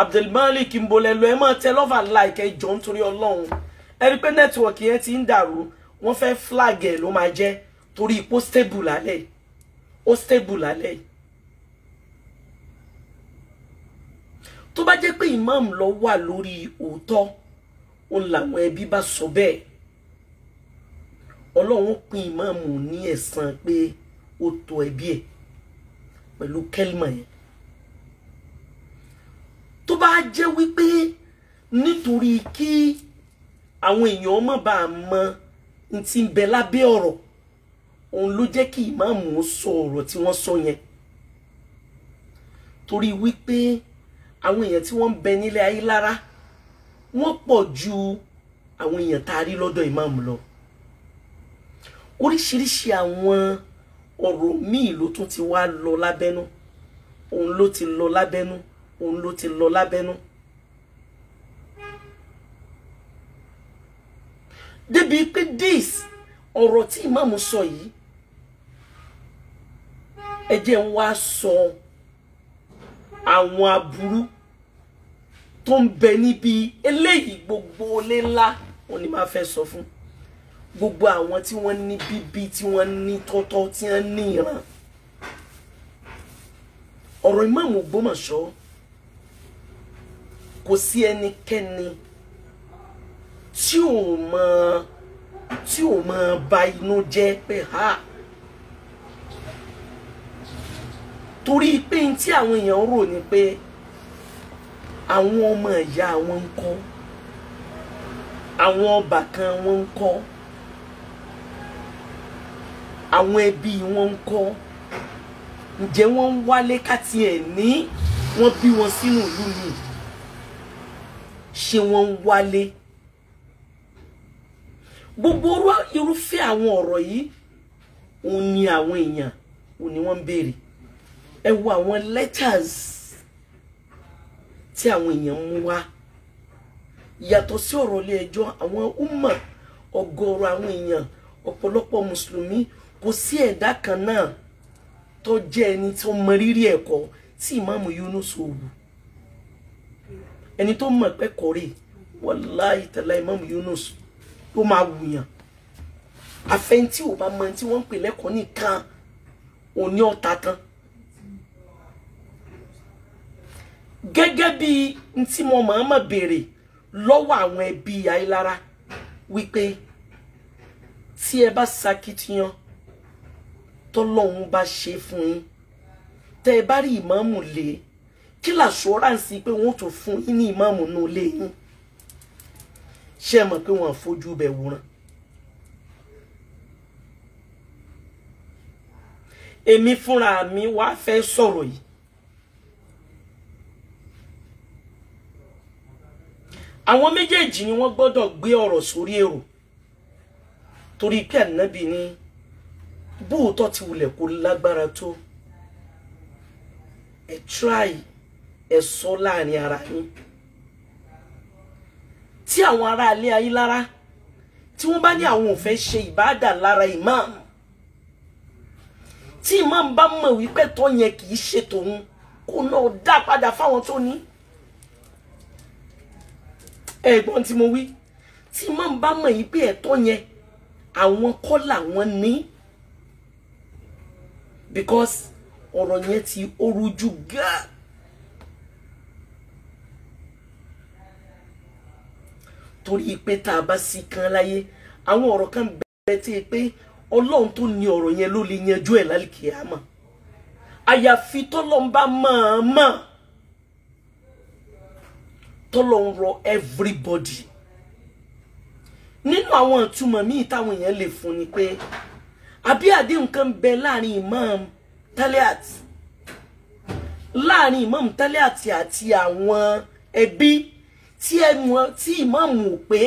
Abdulmalik mbolẹ́lọ ẹ máa tẹ lọ́fà láìkẹ́ ìjọ nítorí ọlọ́run ẹ rí pé nẹ́tíwọ̀kì yẹn ti ń dàrú wọ́n fẹ́ flag ẹ̀ ló máa jẹ́ torí ipò stable lálẹ́ ó stable lálẹ́ yìí tó bá jẹ́ pé imam ló wà lórí òótọ́ òun làwọn ẹbí bá sọ bẹ́ẹ̀ ọlọ́run pín imam ní ẹ̀san pé ó tọ́ ẹbí ẹ̀ pẹ̀lú kẹ́lìmọ̀ yẹn tó bá jẹ́ wípé nítorí kí àwọn èèyàn má bàa mọ n ti bẹ lábẹ́ ọ̀rọ̀ òun ló jẹ́ kí ìmáàmù sọ ọ̀rọ̀ tí wọ́n sọ yẹn torí wípé àwọn èèyàn tí wọ́n ń bẹ nílé ayé lára wọ́n pọ̀ ju àwọn èèyàn tá a rí lọ́dọ̀ ìmáàmù lọ oríṣiríṣi àwọn ọ̀rọ̀ míì ló tún ti wá lọ lábẹ́nú òun ló ti lọ lábẹ́nú òun ló ti lọ lábẹ́nú. débi pé dis ọ̀rọ̀ tí ìmáàmù sọ yìí ẹ jẹ́ ń wá sọ. So àwọn aburú tó ń bẹ níbi eléyìí gbogbo olé ńlá wọn ni máa fẹ́ sọ fún gbogbo àwọn tí wọ́n ní bíbí tí wọ́n ní tọ́tọ́ tí wọ́n ní ìran ọ̀rọ̀ ìmáàmù Ògbómọ̀ṣọ́ kò sí ẹnikẹ́ni tí ò mọ̀ tí ò mọ̀ bà inú jẹ́ pé ha. torí pé n tí àwọn èèyàn rò ni pé àwọn ọmọ ìyá wọn ń kọ́ àwọn ọbàkan wọn ń kọ́ àwọn ẹbí wọn ń kọ́ ǹjẹ́ wọ́n ń wálé káti ẹ̀ ní wọ́n bí wọn sínú ìlú mi ṣé wọ́n ń wálé gbogbo irúfẹ́ àwọn ọ̀rọ̀ yìí òun ni àwọn èèyàn òun ni wọ́n ń béèrè ẹ wo àwọn letters tí àwọn èèyàn mú wá yàtọ̀ sí ọ̀rọ̀ ilé ẹjọ́ àwọn umma ọ̀gọ̀rọ̀ àwọn èèyàn ọ̀pọ̀lọpọ̀ mùsùlùmí kò sí ẹ̀dá kan náà tó jẹ́ ẹni tó mọ rírì ẹ̀kọ́ tí ìmáàmù Yunus wù ẹni tó mọ̀ pé kọ̀rẹ́ wàláì tẹ̀lé ìmáàmù Yunus ló máa wùyàn àfẹ́ntì ò bá mọ tí wọ́n ń pè lẹ́kọ̀ọ́ nìkan òní ọ̀tá tán. gẹ́gẹ́ bí ntí mo máa ma béèrè lọ́wọ́ àwọn ẹbí Ayílára wípé tí ẹ bá sakitiyan tọ́lọ́hun bá ṣe fún yín tẹ́ ẹ bá rí ìmáàmù lé kí làṣọ́ránsì pé wọ́n tún fún yín ní ìmáàmù nù lé yín ṣé ẹ mọ̀ pé wọ́n fojú bẹ̀ wòran. èmi fúnra mi wá fẹ́ sọ̀rọ̀ yìí àwọn méjèèjì ni wọ́n gbọ́dọ̀ gbé ọ̀rọ̀ sórí èrò torí pé ànábì ní bóòótọ́ ti wulẹ̀ kó lágbára tó ẹ try ẹ sọ láàrin ara yín tí àwọn ará ilé ayé lára tí wọ́n bá ní àwọn ò fẹ́ ṣe ìbáàdà lára imam tí imam bá mọ̀ wípé tó yẹn kì í ṣe tòun kó náà dá padà fáwọn tó ní ẹ̀gbọ́n tí mo wí tí máa ń bá mọ̀ yìí pé ẹ̀tọ́ yẹn àwọn kọ́ làwọn ní because ọ̀rọ̀ yẹn ti orújú gáà. torí pé tá a bá sí kan láyé àwọn ọ̀rọ̀ kan bẹ̀rẹ̀ tí pé ọlọ́run tó ní ọ̀rọ̀ yẹn ló lè yanjú ẹ̀ lálùkìyàmọ̀ àyàfi tọ́lọ́run mọ̀ ọ́n mọ̀ ọ́n tọ́lọ̀ ń rọ everybody nínú àwọn ìtumọ̀ míì táwọn èèyàn lè fún ni pé àbí àdéhùn kan bẹ láàrin Imam Taliat láàrin Imam Taliat àti àwọn ẹbí tí ẹ̀wọ̀n tí Imam ò pé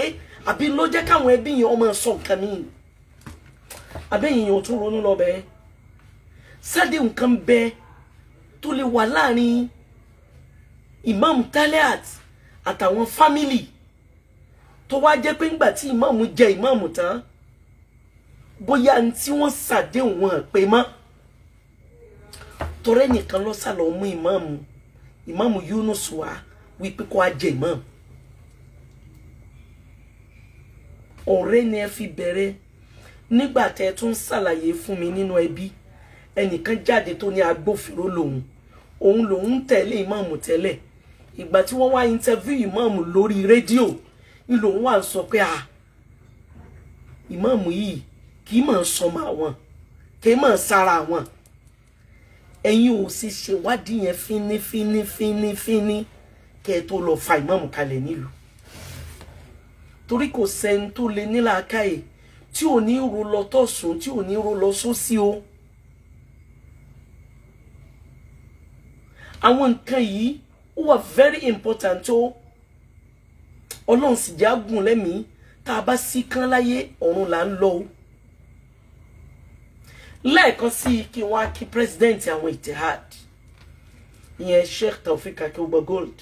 àbí ló jẹ́ káwọn ẹbí yẹn ọmọ sọ nǹkan míì àbẹ́yìn yẹn ò tún ronú lọ bẹ́ẹ̀ sádéhùn kan bẹ tó lè wà láàrin Imam Taliat àtàwọn fámìlì tó wá jẹ́ pé ńgbà tí ìmáàmù jẹ ìmáàmù tán bóyá ní tí wọ́n ṣàdéhùn wọn pé mọ́ torẹ́ nìkan lọ sá lọ mú ìmáàmù ìmáàmù Yunus wá wípé kó wá jẹ ìmáàmù ọ̀rẹ́ ni ẹ fi bẹ̀rẹ̀ nígbà tẹ́ ẹ tún ṣàlàyé fún mi nínú ẹbí ẹnìkan jáde tó ní agbófinró lòun òun lòun tẹ̀lé ìmáàmù tẹ́lẹ̀ ìgbà tí wọ́n wá interview ìmáàmù lórí rédíò ńlò ń wà ń sọ pé ah ìmáàmù yìí kì í mọ̀ ń sọmọ àwọn kì í mọ̀ ń sára àwọn ẹ̀yin ò sì ṣèwádìí yẹn fínífínífínífíní kẹ́ ẹ tó lọ fa ìmáàmù kalẹ̀ nílùú torí kò sẹ́ni tó lè nílàákàyè tí ò ní ro lọ tọ̀sùn tí ò ní ro lọ sósì o. àwọn nǹkan yìí ó wà very important tó ọlọ́run sì já gùn lẹ́mìí tá a bá sí kán láyé ọ̀run là ń lọ o lẹ́ẹ̀kan sí i kí wọ́n á kí president àwọn Ittihad ìyẹn Sheikh Taofik Akeugba Gold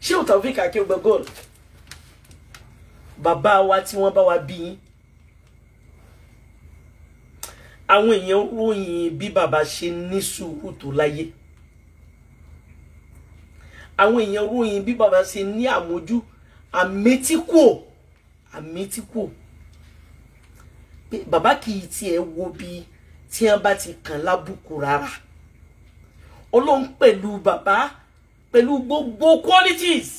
Sheikh Taofik Akeugba Gold bàbá wa tí wọ́n bá wa bí yín àwọn èèyàn ròyìn bí bàbá ṣe ní sùúrù tó láyé àwọn èèyàn ròyìn bí bàbá ṣe ní àmójú àmétíkò àmétíkò bàbá kì í tiẹ̀ wo bí tí wọ́n bá ti kàn lábùkù rárá ọlọ́run pẹ̀lú bàbá pẹ̀lú gbogbo qualities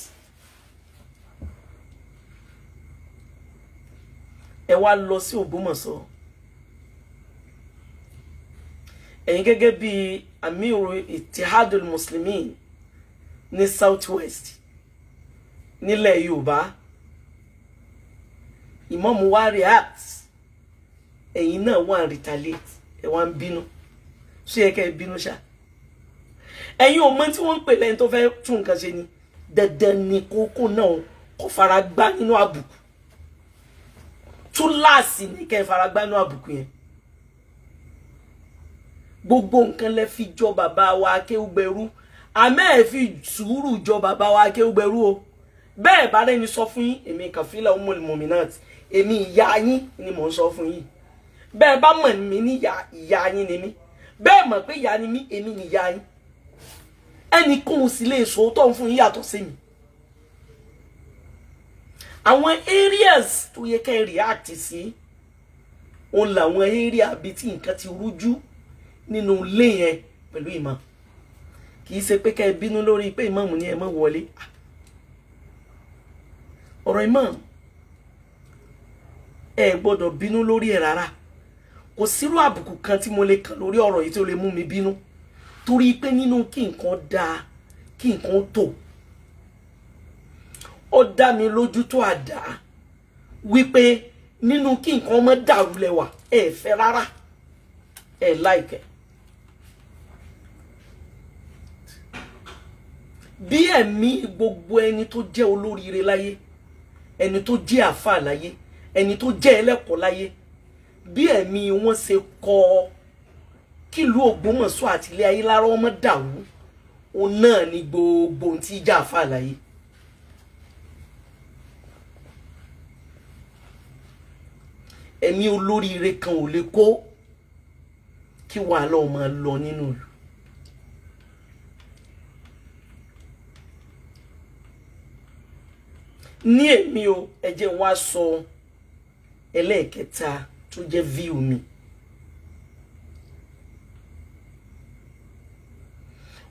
ẹ wá lọ sí Ògbómọ̀ṣọ́ ẹ̀yin gẹ́gẹ́ bíi amiru itihadul muslimin Ni southwest west nílẹ̀ yorùbá ìmọ̀mù wa react ẹ̀yin náà wà ń retaliate ẹ̀ wá ń bínú ṣé yẹ kẹ́ ẹ bínú ṣá ẹ̀yin ò mọ tí wọ́n ń pè lẹ́yìn tó fẹ́ tún nǹkan ṣe ni dandan ni kókó náà kò fara gbá nínú àbùkù túláàsì ní kẹ́ ẹ fara gbá nínú àbùkù yẹn gbogbo nǹkan lẹ fi jọ bàbá wa akéwùgbẹrú àmẹ́ ẹ̀ fi sùúrù jọ bàbá wa Akéwùgbẹ́rú o bẹ́ẹ̀ bá rẹ́ni sọ fún yín èmi Kàfílà Ummul Muminat èmi ìyá yín ni mò ń sọ fún yín bẹ́ẹ̀ bá mọ̀ mí ní ìyá yín ni mí bẹ́ẹ̀ mọ̀ pé ìyá ni mí èmi ni ìyá yín ẹnì kan ò sì lè sòótọ́ fún yín yàtọ̀ sí mi àwọn areas tó yẹ ká ẹ react sí òun làwọn area bíi tí nǹkan ti rújú nínú ilé yẹn pẹ̀lú ìmọ̀ kì í ṣe pé kẹ́ ẹ bínú lórí pé ìmáàmù ni ẹ má wọlé ọ̀rọ̀ ìmáàmù ẹ gbọ́dọ̀ bínú lórí ẹ̀ rárá kò sírú àbùkù kan tí mo lè kàn lórí ọ̀rọ̀ yìí tí ó lè mú mi bínú torí pé nínú kí nǹkan dáa kí nǹkan tò ó dá mi lójú tó àdá wípé nínú kí nǹkan ọmọ dàrú lẹ́wà ẹ fẹ́ rárá ẹ láìkẹ́ bí ẹ̀mí gbogbo ẹni tó jẹ́ olóríire láyé ẹni tó jẹ́ àáfàá láyé ẹni tó jẹ́ ẹlẹ́kọ̀ọ́ láyé bí ẹ̀mí wọn ṣe kọ kílùú Ògbómọ̀ṣọ́ àti ilé ayé lára ọmọ dàwú òun náà ni gbogbo ohun tí jẹ́ àáfàá láyé. ẹ̀mí olóríire kan ò lè kó kí wàhálà ọmọ lọ nínú ìlú. ní èmi o ẹ jẹ́ n wá sọ ẹlẹ́ẹ̀kẹta tó jẹ́ view mi.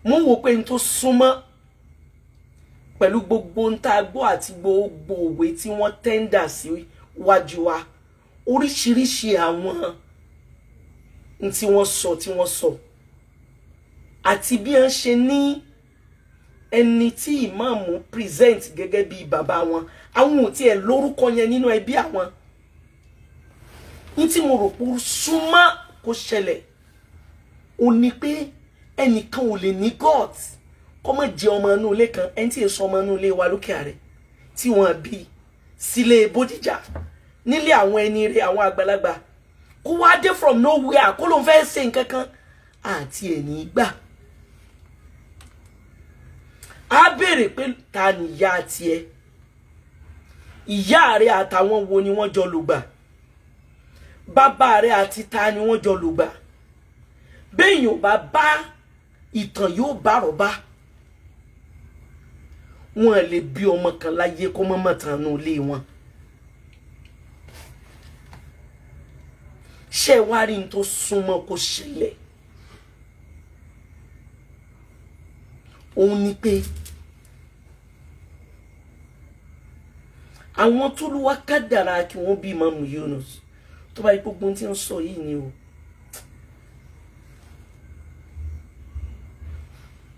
mo wò pé n tó súnmọ́ pẹ̀lú gbogbo ń tá àti gbogbo òwe tí wọ́n tẹ́ńdà sí wájú wa oríṣiríṣi àwọn n tí wọ́n sọ tí wọ́n sọ àti bí wọ́n ṣe ní ẹni tí ìmáàmù present gẹ́gẹ́ bí bàbá wọn àwọn ò tiẹ̀ lórúkọ yẹn nínú ẹbí àwọn ní tí mo rò pé súnmọ́ kó ṣẹlẹ̀ ò ní pé ẹnìkan ò lè ní god kọ́mọ̀ jẹ́ ọmọ inú ilé kan ẹni tí èso ọmọ inú ilé wa lókè ààrẹ tí wọ́n bí sílé bódìjà nílé àwọn ẹni rẹ àwọn àgbàlagbà kó wá dé from nowhere kó ló ń fẹ́ ṣe nǹkan kan àti ẹni gbà á béèrè pé ta ni ìyá tiẹ̀ ìyá rẹ àtàwọn wo ni wọ́n jọ lùgbà bàbá rẹ àti ta ni wọ́n jọ lùgbà béèyàn bá bá ìtàn yóò bárọ̀ bá wọn lè bí ọmọ kan láyé kó mọ́ mọ́ nù ilé wọn. ṣé wá rí n tó súnmọ́ kó ṣẹlẹ̀ òun ni pé. àwọn tó ló wá kádàrá kí wọ́n bí Ìmáàmù Yunus tó bá yẹ gbogbo tí ń sọ yìí ni o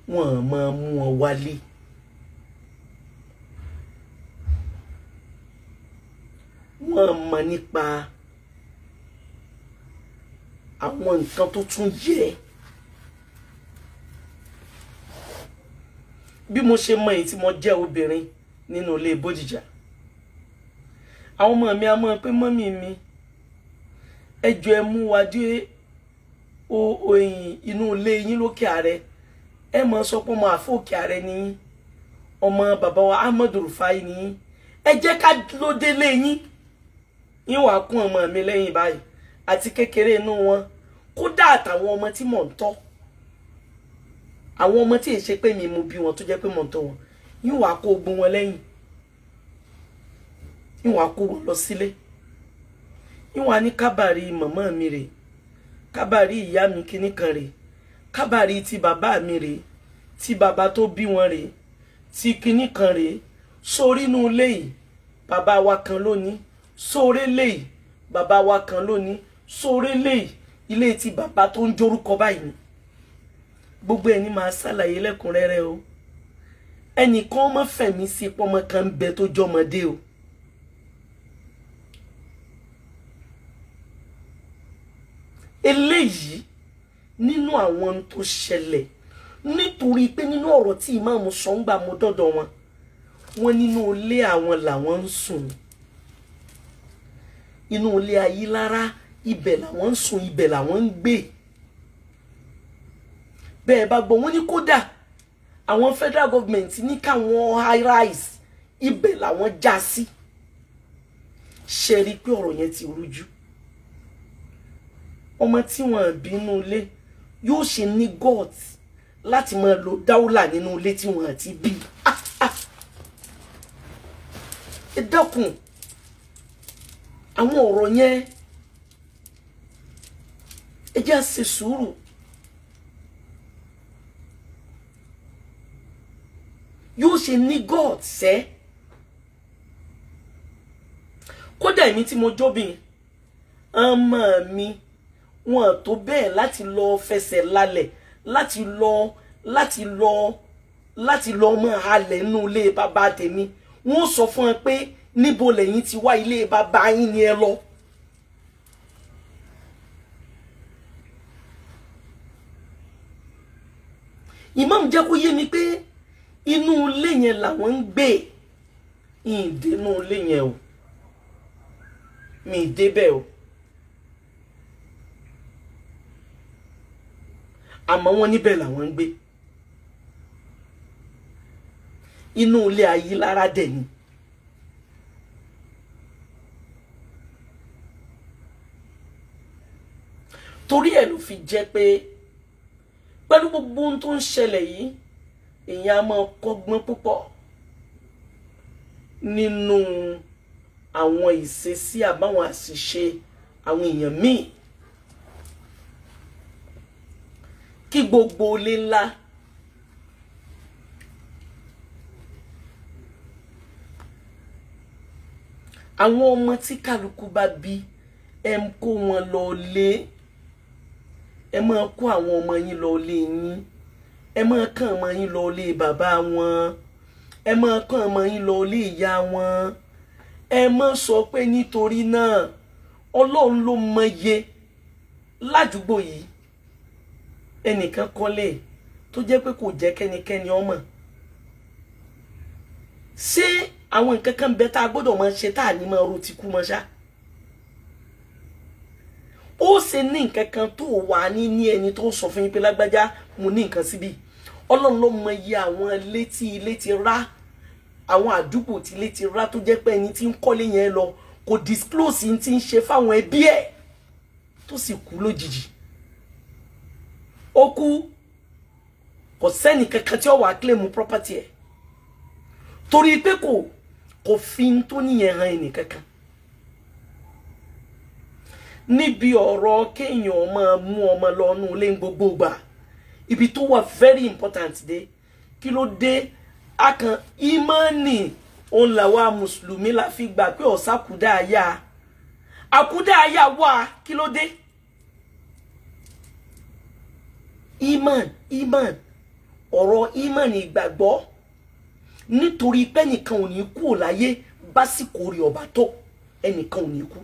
wọn máa mú wọn wálé. wọn mọ nípa àwọn nǹkan tó tún yẹ bí mo ṣe mọ èyí tí mo jẹ́ obìnrin nínú ilé Bódìjà àwọn ọmọ mi a mọ̀ pé mọ́mì mi ẹ jọ̀ọ́ ẹ mú wa dé òyìn inú ilé yín lókè ààrẹ ẹ mọ̀ sọ pé ọmọ àfọ̀kè ààrẹ ni yín ọmọ bàbá wa Ahmed Rufai ni yín ẹ jẹ́ ká ló délé yín yín wàá kún ọmọ mi lẹ́yìn báyìí àti kékeré inú wọn kódà àtàwọn ọmọ tí mò ń tọ́ àwọn ọmọ tí èyí ṣe pé mi mo bí wọn tó jẹ́ pé mò ń tọ́ wọn yín wàá kó ogun wọn lẹ́yìn ìwọ̀n kó wọn lọ sílé ìwọ̀n ní kábàárì màmá mi rè kábàárì ìyá mi kíní kan rè kábàárì ti bàbá mi rè ti bàbá tó bí wọn rè ti kíní kan rè sórí inú ilé yìí bàbá wa kan lónìí sórí ilé yìí bàbá wa kan lónìí sórí ilé yìí ilé ti bàbá tó ń jórúkọ báyìí gbogbo ẹni máa ṣàlàyé lẹ́kùnrẹ́rẹ́ o ẹnìkan ọmọ fẹ̀mí sí pọmọ kan ń bẹ tó jọmọdé o. eléyìí nínú àwọn tó ṣẹlẹ̀ nítorí pé nínú ọ̀rọ̀ tí ìmáàmù sọ ń gbà mú dọ́dọ̀ wọn wọn nínú ilé àwọn làwọn ń sùn inú ilé Ayílára ibẹ̀ làwọn ń sùn ibẹ̀ làwọn ń gbé bẹ́ẹ̀ bá gbọ́ wọ́n ní kódà àwọn federal government ní káwọn high rise ibẹ̀ làwọn já sí ṣe rí i pé ọ̀rọ̀ yẹn ti rújú ọmọ tí wọn bínú ilé yóò ṣe ní gọt láti máa lo dáúlà nínú ilé tí wọn ti bí ah, ah. ẹ dákun àwọn ọ̀rọ̀ yẹn ẹ jẹ́ àṣẹ sùúrù yóò ṣe ní god sẹ́ kódà èmi tí mo jóbìn ọmọ mi wọn tó bẹ́ẹ̀ láti lọ fẹsẹ̀ lálẹ̀ láti lọ láti lọ láti lọ mọ halẹ̀ nínú ilé bàbá tèmi wọn sọ fún ẹ pé níbo lẹ́yìn ti wá ilé bàbá yín ni ẹ lọ. imam jẹ́ kó yé mi pé inú ilé yẹn làwọn ń gbé ìdènú ilé yẹn o mi débẹ̀ o. àmọ́ wọ́n níbẹ̀ làwọn ń gbé inú ilé ayé lára dẹ̀ ni. torí ẹ̀ ló fi jẹ́ pé pẹ̀lú gbogbo ohun tó ń ṣẹlẹ̀ yìí èèyàn á máa kọ́gbọ́n púpọ̀ nínú àwọn ìṣesí àbáwọn àṣìṣe àwọn èèyàn míì kí gbogbo ilé ńlá àwọn ọmọ tí kálukú bá bí ẹ ń kó wọn lọ lé ẹ máa kó àwọn ọmọ yín lọ lé yín ẹ máa kàn ọmọ yín lọ lé bàbá wọn ẹ máa kàn ọmọ yín lọ lé ìyá wọn ẹ má sọ pé nítorí náà ọlọ́run ló mọye ládùúgbò yìí ẹnìkan kọ́lé tó jẹ́ pé kò jẹ́ kẹ́nikẹ́ni ọmọ ṣé àwọn nǹkan kan bẹ tá a gbọ́dọ̀ máa ṣe tá a ní máa roti kú mọ́ ṣá ó ṣe ní nǹkan kan tó wà ní ní ẹni tó sọ fún yín pé lágbájá mo ní nǹkan síbi ọlọ́run ló mọ iye àwọn létí ilé ti rá àwọn àdúgbò tí ilé ti rá tó jẹ́ pé ẹni tí ń kọ́lé yẹn lọ kò disclose ní ti ń ṣe fáwọn ẹbí ẹ̀ tó sì kú lójijì oku kú kò sẹ́ni kankan tí ó wà á claim property ẹ̀ torí pé kò kò fi ń tó níyẹn han ẹnì kankan níbi ọ̀rọ̀ kéèyàn máa mú ọmọ lọ́nu lé gbogbo gbà ibi tó wà very important dé kí ló dé akàn ìmánì òun làwa mùsùlùmí la fi gbà pé ọ̀sàkúdà yá àkúdà yá wà kí ló dé. iman iman ọ̀rọ̀ iman ìgbàgbọ́ nítorí pé ẹnìkan ò ní kú ò láyé básìkò rí ọba tó ẹnìkan ò ní kú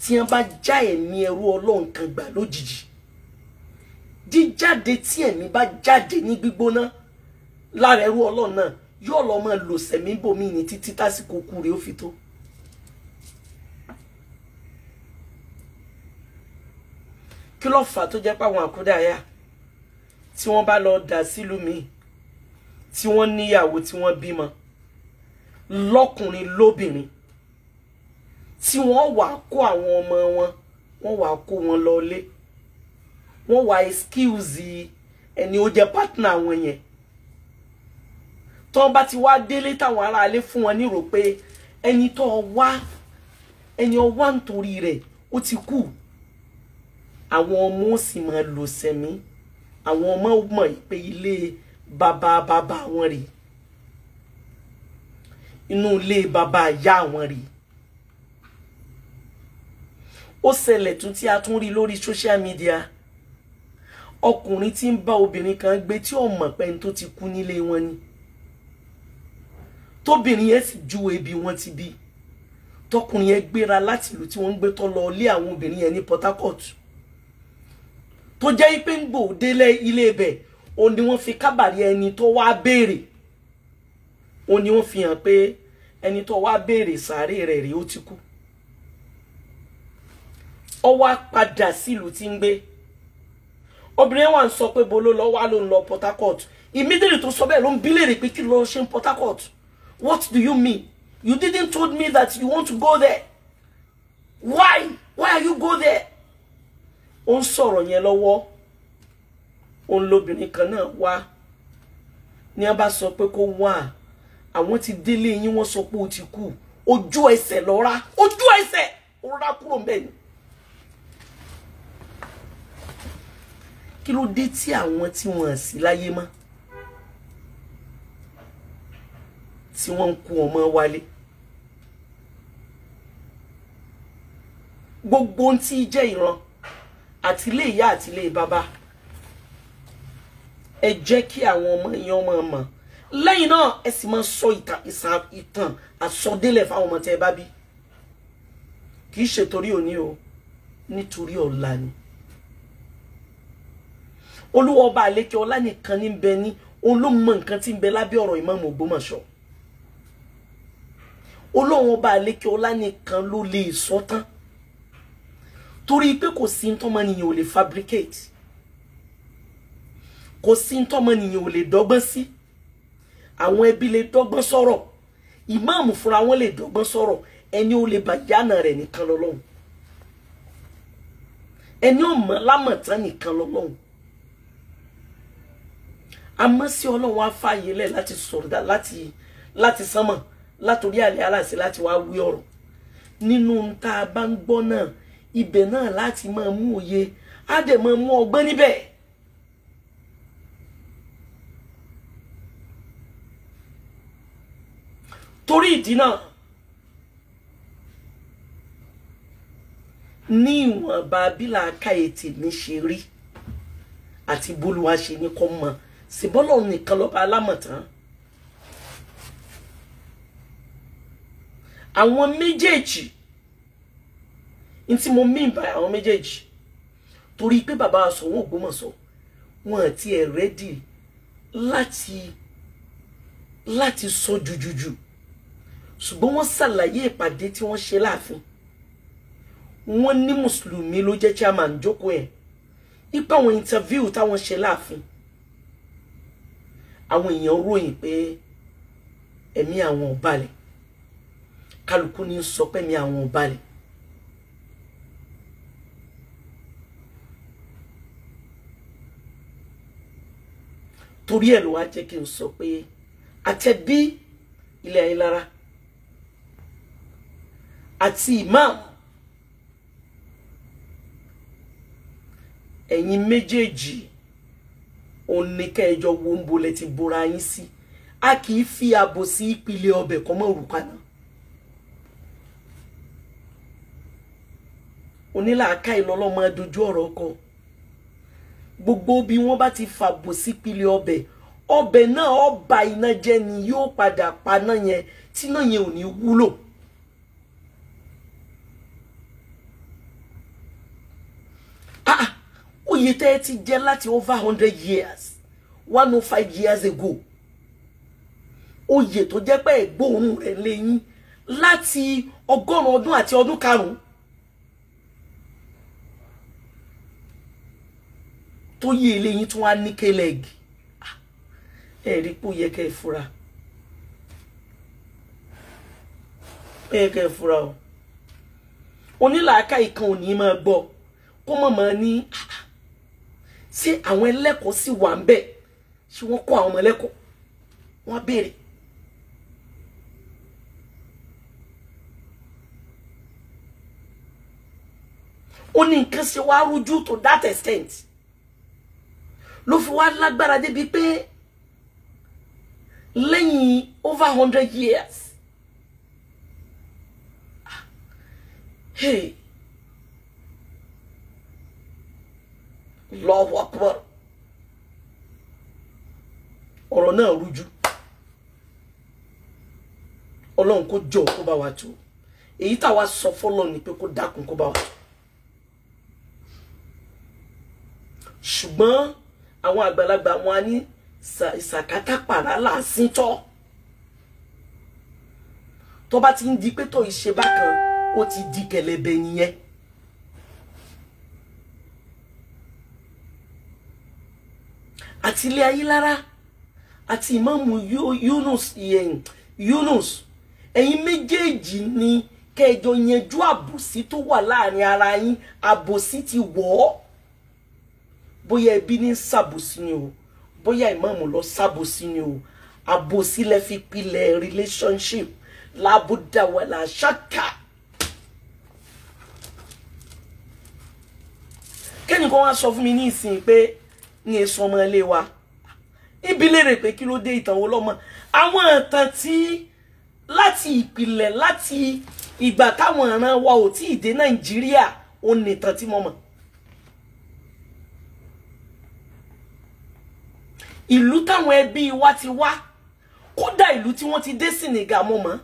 tí wọ́n bá já ẹ̀mí ẹrú Ọlọ́run kan gbà lójijì jíjáde tí ẹ̀mí bá jáde ní gbígbóná lára ẹrú Ọlọ́run náà yóò lọ máa lò sẹ̀mí bòmí ní títí tásìkò kú rèé ó fi tó. kí ló fà á tó jẹ́ pé àwọn àkúdàáyà tí wọ́n bá lọ dà sílùú míì tí wọ́n níyàwó tí wọ́n bímọ lọ́kùnrin lóbìnrin tí wọ́n wàá kó àwọn ọmọ wọn wọ́n wàá kó wọn lọlé wọ́n wàá excuse ẹni ó jẹ́ partner wọn yẹn tọ́ bá ti wá délé táwọn aráalé fún wọn nírò pé ẹni tó wá ẹni ọwá nítorí rẹ̀ ó ti kú àwọn ọmọ ó sì máa lò sẹ̀mí àwọn ọmọ ó mọ̀ pé ilé bàbá bàbá wọn rèé inú ilé bàbá ìyá wọn rèé ó ṣẹlẹ̀ tún tí a tún rí lórí social media ọkùnrin tí ń bá obìnrin kan gbé tí ó mọ̀ pé tó ti kú nílé wọn ni tóbìnrin yẹn sì júwe ibi wọn ti bí tọkùnrin yẹn gbéra láti ìlú tí wọ́n ń gbé tọ́ lọ ilé àwọn obìnrin yẹn ní Port Harcourt tó jẹ́ pé ń gbò délé ilé ibẹ̀ òun ni wọ́n fi kábàrí ẹni tó wá béèrè òun ni wọ́n fi hàn pé ẹni tó wá béèrè sàárè rẹ̀ rí ó ti kú ó wá padà sílùú tí ń gbé obìnrin wa ń sọ pé bolo lọ wá ló ń lọ Port Harcourt immediately tó sọ bẹ́ẹ̀ ló ń bí léèrè pé kí ló ṣe ń Port Harcourt what do you mean you didn't told me that you want to go there why why are you go there ó ń sọ̀rọ̀ yẹn lọ́wọ́ òun lobìnrin kan náà wá ní a bá sọ pé kó wá àwọn ti délé yín wọ́n sọ pé ó ti kú ojú ẹsẹ̀ lọ́ra ojú ẹsẹ̀ ó rá kúrò mbẹ́ ni. kí ló dé tí àwọn tí wọ́n sì láyé mọ́ tí wọ́n ń kú ọmọ wálé. gbogbo ohun tí jẹ́ ìran àti ilé ìyá àti ilé bàbá ẹ jẹ́ kí àwọn ọmọ yẹn ọmọ mọ̀ lẹ́yìn náà ẹ sì máa sọ ìtàn ìtàn fáwọn ọmọ tẹ́ ẹ bá bí kì í ṣe torí òní o nítorí ọ̀la ni olúwa ọba àlékè ọlá nìkan ní bẹ ní olómọ nǹkan tí ń bẹ lábẹ́ ọ̀rọ̀ Ìmáàmù Ògbómọ̀ṣọ́ olóhùn ọba àlékè ọlá nìkan ló lè sọ tán torí pé kò sí ntọ́mọnìyàn ò lè fabricate kò sí ntọ́mọnìyàn ò lè dọ́gbọ́n sí àwọn ẹbí lè dọ́gbọ́n sọ̀rọ̀ ìmáàmù fúnra wọn lè dọ́gbọ́n sọ̀rọ̀ ẹni ò lè bàjẹ́ àna rẹ̀ nìkan lọ́lọ́hùn ẹni ò mọ̀ lámọ̀tán nìkan lọ́lọ́hùn àmọ́ sí ọlọ́run á fààyè lẹ̀ láti sọ̀rọ̀ láti láti sánmọ̀ látòrí àlẹ́ aláṣẹ láti wá wí ọ̀rọ̀ nínú tá a bá ń gbọ́ náà ibẹ̀ náà láti máa mú òye á dẹ̀ máa mú ọgbọ́n níbẹ̀. torí ìdí náà ní ìwọ̀nba bílà káyètì ní ṣe rí àti bólúwa ṣe ní kọ́ mọ́ síbọ́lọ̀ nìkan lọ́ba alámọ̀tán. àwọn méjèèjì n tí mo mean by àwọn méjèèjì torí pé bàbá Ṣọ̀ún Ògbómọ̀ṣọ́ wọn àti ẹ̀ rẹ́dì láti láti sọ jùjùjù ṣùgbọ́n wọ́n ṣàlàyé ìpàdé tí wọ́n ṣe láàfin wọ́n ní mùsùlùmí ló jẹ́ chairman jókòó ẹ̀ nípa àwọn interview táwọn ṣe láàfin àwọn èèyàn ròyìn pé ẹ̀mí àwọn ò balẹ̀ kálukú ní sọ pé ẹ̀mí àwọn ò torí ẹ̀ ló wá jẹ́ kí n sọ pé àtẹ̀bí ilé Ayílára àti imam ẹ̀yin méjèèjì òun ní kẹjọ wo ń bolẹ̀ ti bora yín sí a kì í fi ààbò sí ìpìlẹ̀ ọbẹ̀ kan òrùka náà onílàákà ìlọlọ́mọ dojú ọ̀rọ̀ kan gbogbo bí wọ́n bá ti fàbò sípele ọbẹ̀ ọbẹ̀ náà ọba iná jẹ́ ni yóò padà paná yẹn tíná yẹn ò ní wúlò. Ah, oyè tẹ́ ẹ ti jẹ́ láti over hundred years one oh five years ago oyè tó jẹ́ pé ẹ̀gbóòrùn rẹ̀ lẹ́yìn láti ọgọ́rùn-ún ọdún àti ọdún karùn-ún tó yé eléyìí tún wá ní kleg ah, ẹ rí pò yẹ kẹ́ fura ẹ kẹ́ fura o onílàákà ìkan ò ní máa gbọ́ kó mọ̀ mọ́ ní ah, ah, ṣé àwọn ẹlẹ́kọ̀ọ́ sì wà ń bẹ̀ ṣé wọ́n kọ́ àwọn ọmọ ẹlẹ́kọ̀ọ́ wọ́n ó ní nǹkan ṣe wá rújú to that extent ló fi wá lágbára débi pé lẹ́yìn over hundred years hey lọ́wọ́ pọ̀ ọ̀rọ̀ náà rújú ọlọ́run kó jọ kó bá wa tó èyí táwa sọ fọlọ́run ni pé kó dákun kó bá wa tó ṣùgbọ́n àwọn àgbàlagbà wọn á ní sàkátàpàrà làásìntọ́ tó bá ti ń di pé tó ìṣe bákan ó ti di kẹlẹbẹ nìyẹn. àti ilé ayélára àti ìmáàmù Yunus ìyẹn Yunus ẹ̀yin méjèèjì ni kẹjọ yanjú àbòsí tó wà láàrin ara yín àbòsí ti wọ̀ ọ́ bóyá ẹbí ní ṣàbòsí ni o bóyá ìmáàmù lọ ṣàbòsí ni o àbòsí lẹ fi pilẹ̀ relationship lábúdáwọlá ṣáká. kẹ́nìkan wá sọ fún mi ní ìsìn pé ní èso ọmọ ilé wa ibi léèrè pé kí ló dé ìtàn ọlọ́mọ àwọn ìtàn tí láti ìpìlẹ̀ láti ìgbà táwọn ìran wa ò tí ì dé nàìjíríà ó nìtàn tí mo mọ̀. ìlú táwọn ẹbí wa ti wá kódà ìlú tí wọ́n ti dé sí nìga mo mọ̀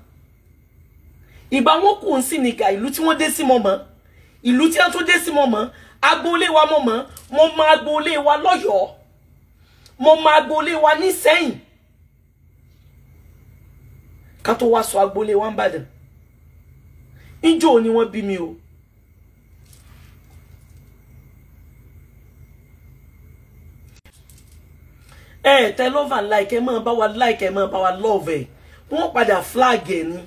ìgbà wọn kù ń sí nìga ìlú tí wọ́n dé sí mo ìlú tí wọ́n tó dé sí mo agboolé wa mo mọ̀ mo mọ̀ agboolé wa lọ́yọ̀ọ́ mo mọ̀ agboolé wa nísẹ́yìn ká tó wá sọ agboolé wa ń bàdàn níjọ́ ni wọ́n bí mi o. ẹ tẹ lọ́fà like ẹ máa bá wa like ẹ máa bá wa love ẹ wọ́n padà flag ẹ ni.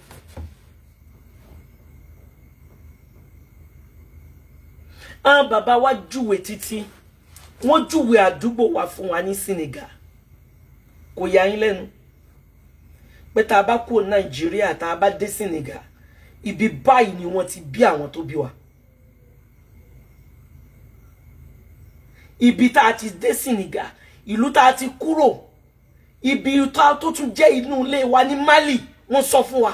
àwọn bàbá wa júwe títí wọ́n júwe àdúgbò wa fún wa ní Senegal kò yà yín lẹ́nu pé tá a bá kúrò Nàìjíríà tá a bá dé Senegal ibi báyìí ni wọ́n ti bí àwọn tó bí wa. ibi tá a ti dé Senegal ìlú tá a ti kúrò ibi tó tún jẹ́ inú ilé wa ní Mali wọ́n sọ fún wa.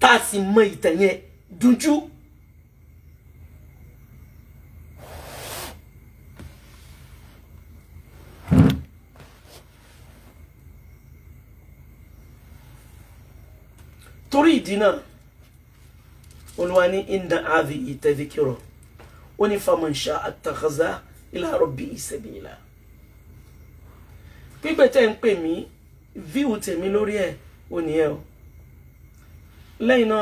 tá a sì mọ ìtàn yẹn dunjú. torí ìdí náà olúwa ní inda avi ìtẹ́díkìrọ̀ ó ní famanṣá àtàkàzá ila rabbi sabila pípẹ́ tẹ́ ń pè mí víwù tèmi lórí ẹ̀ ò ní o lẹ́yìn náà.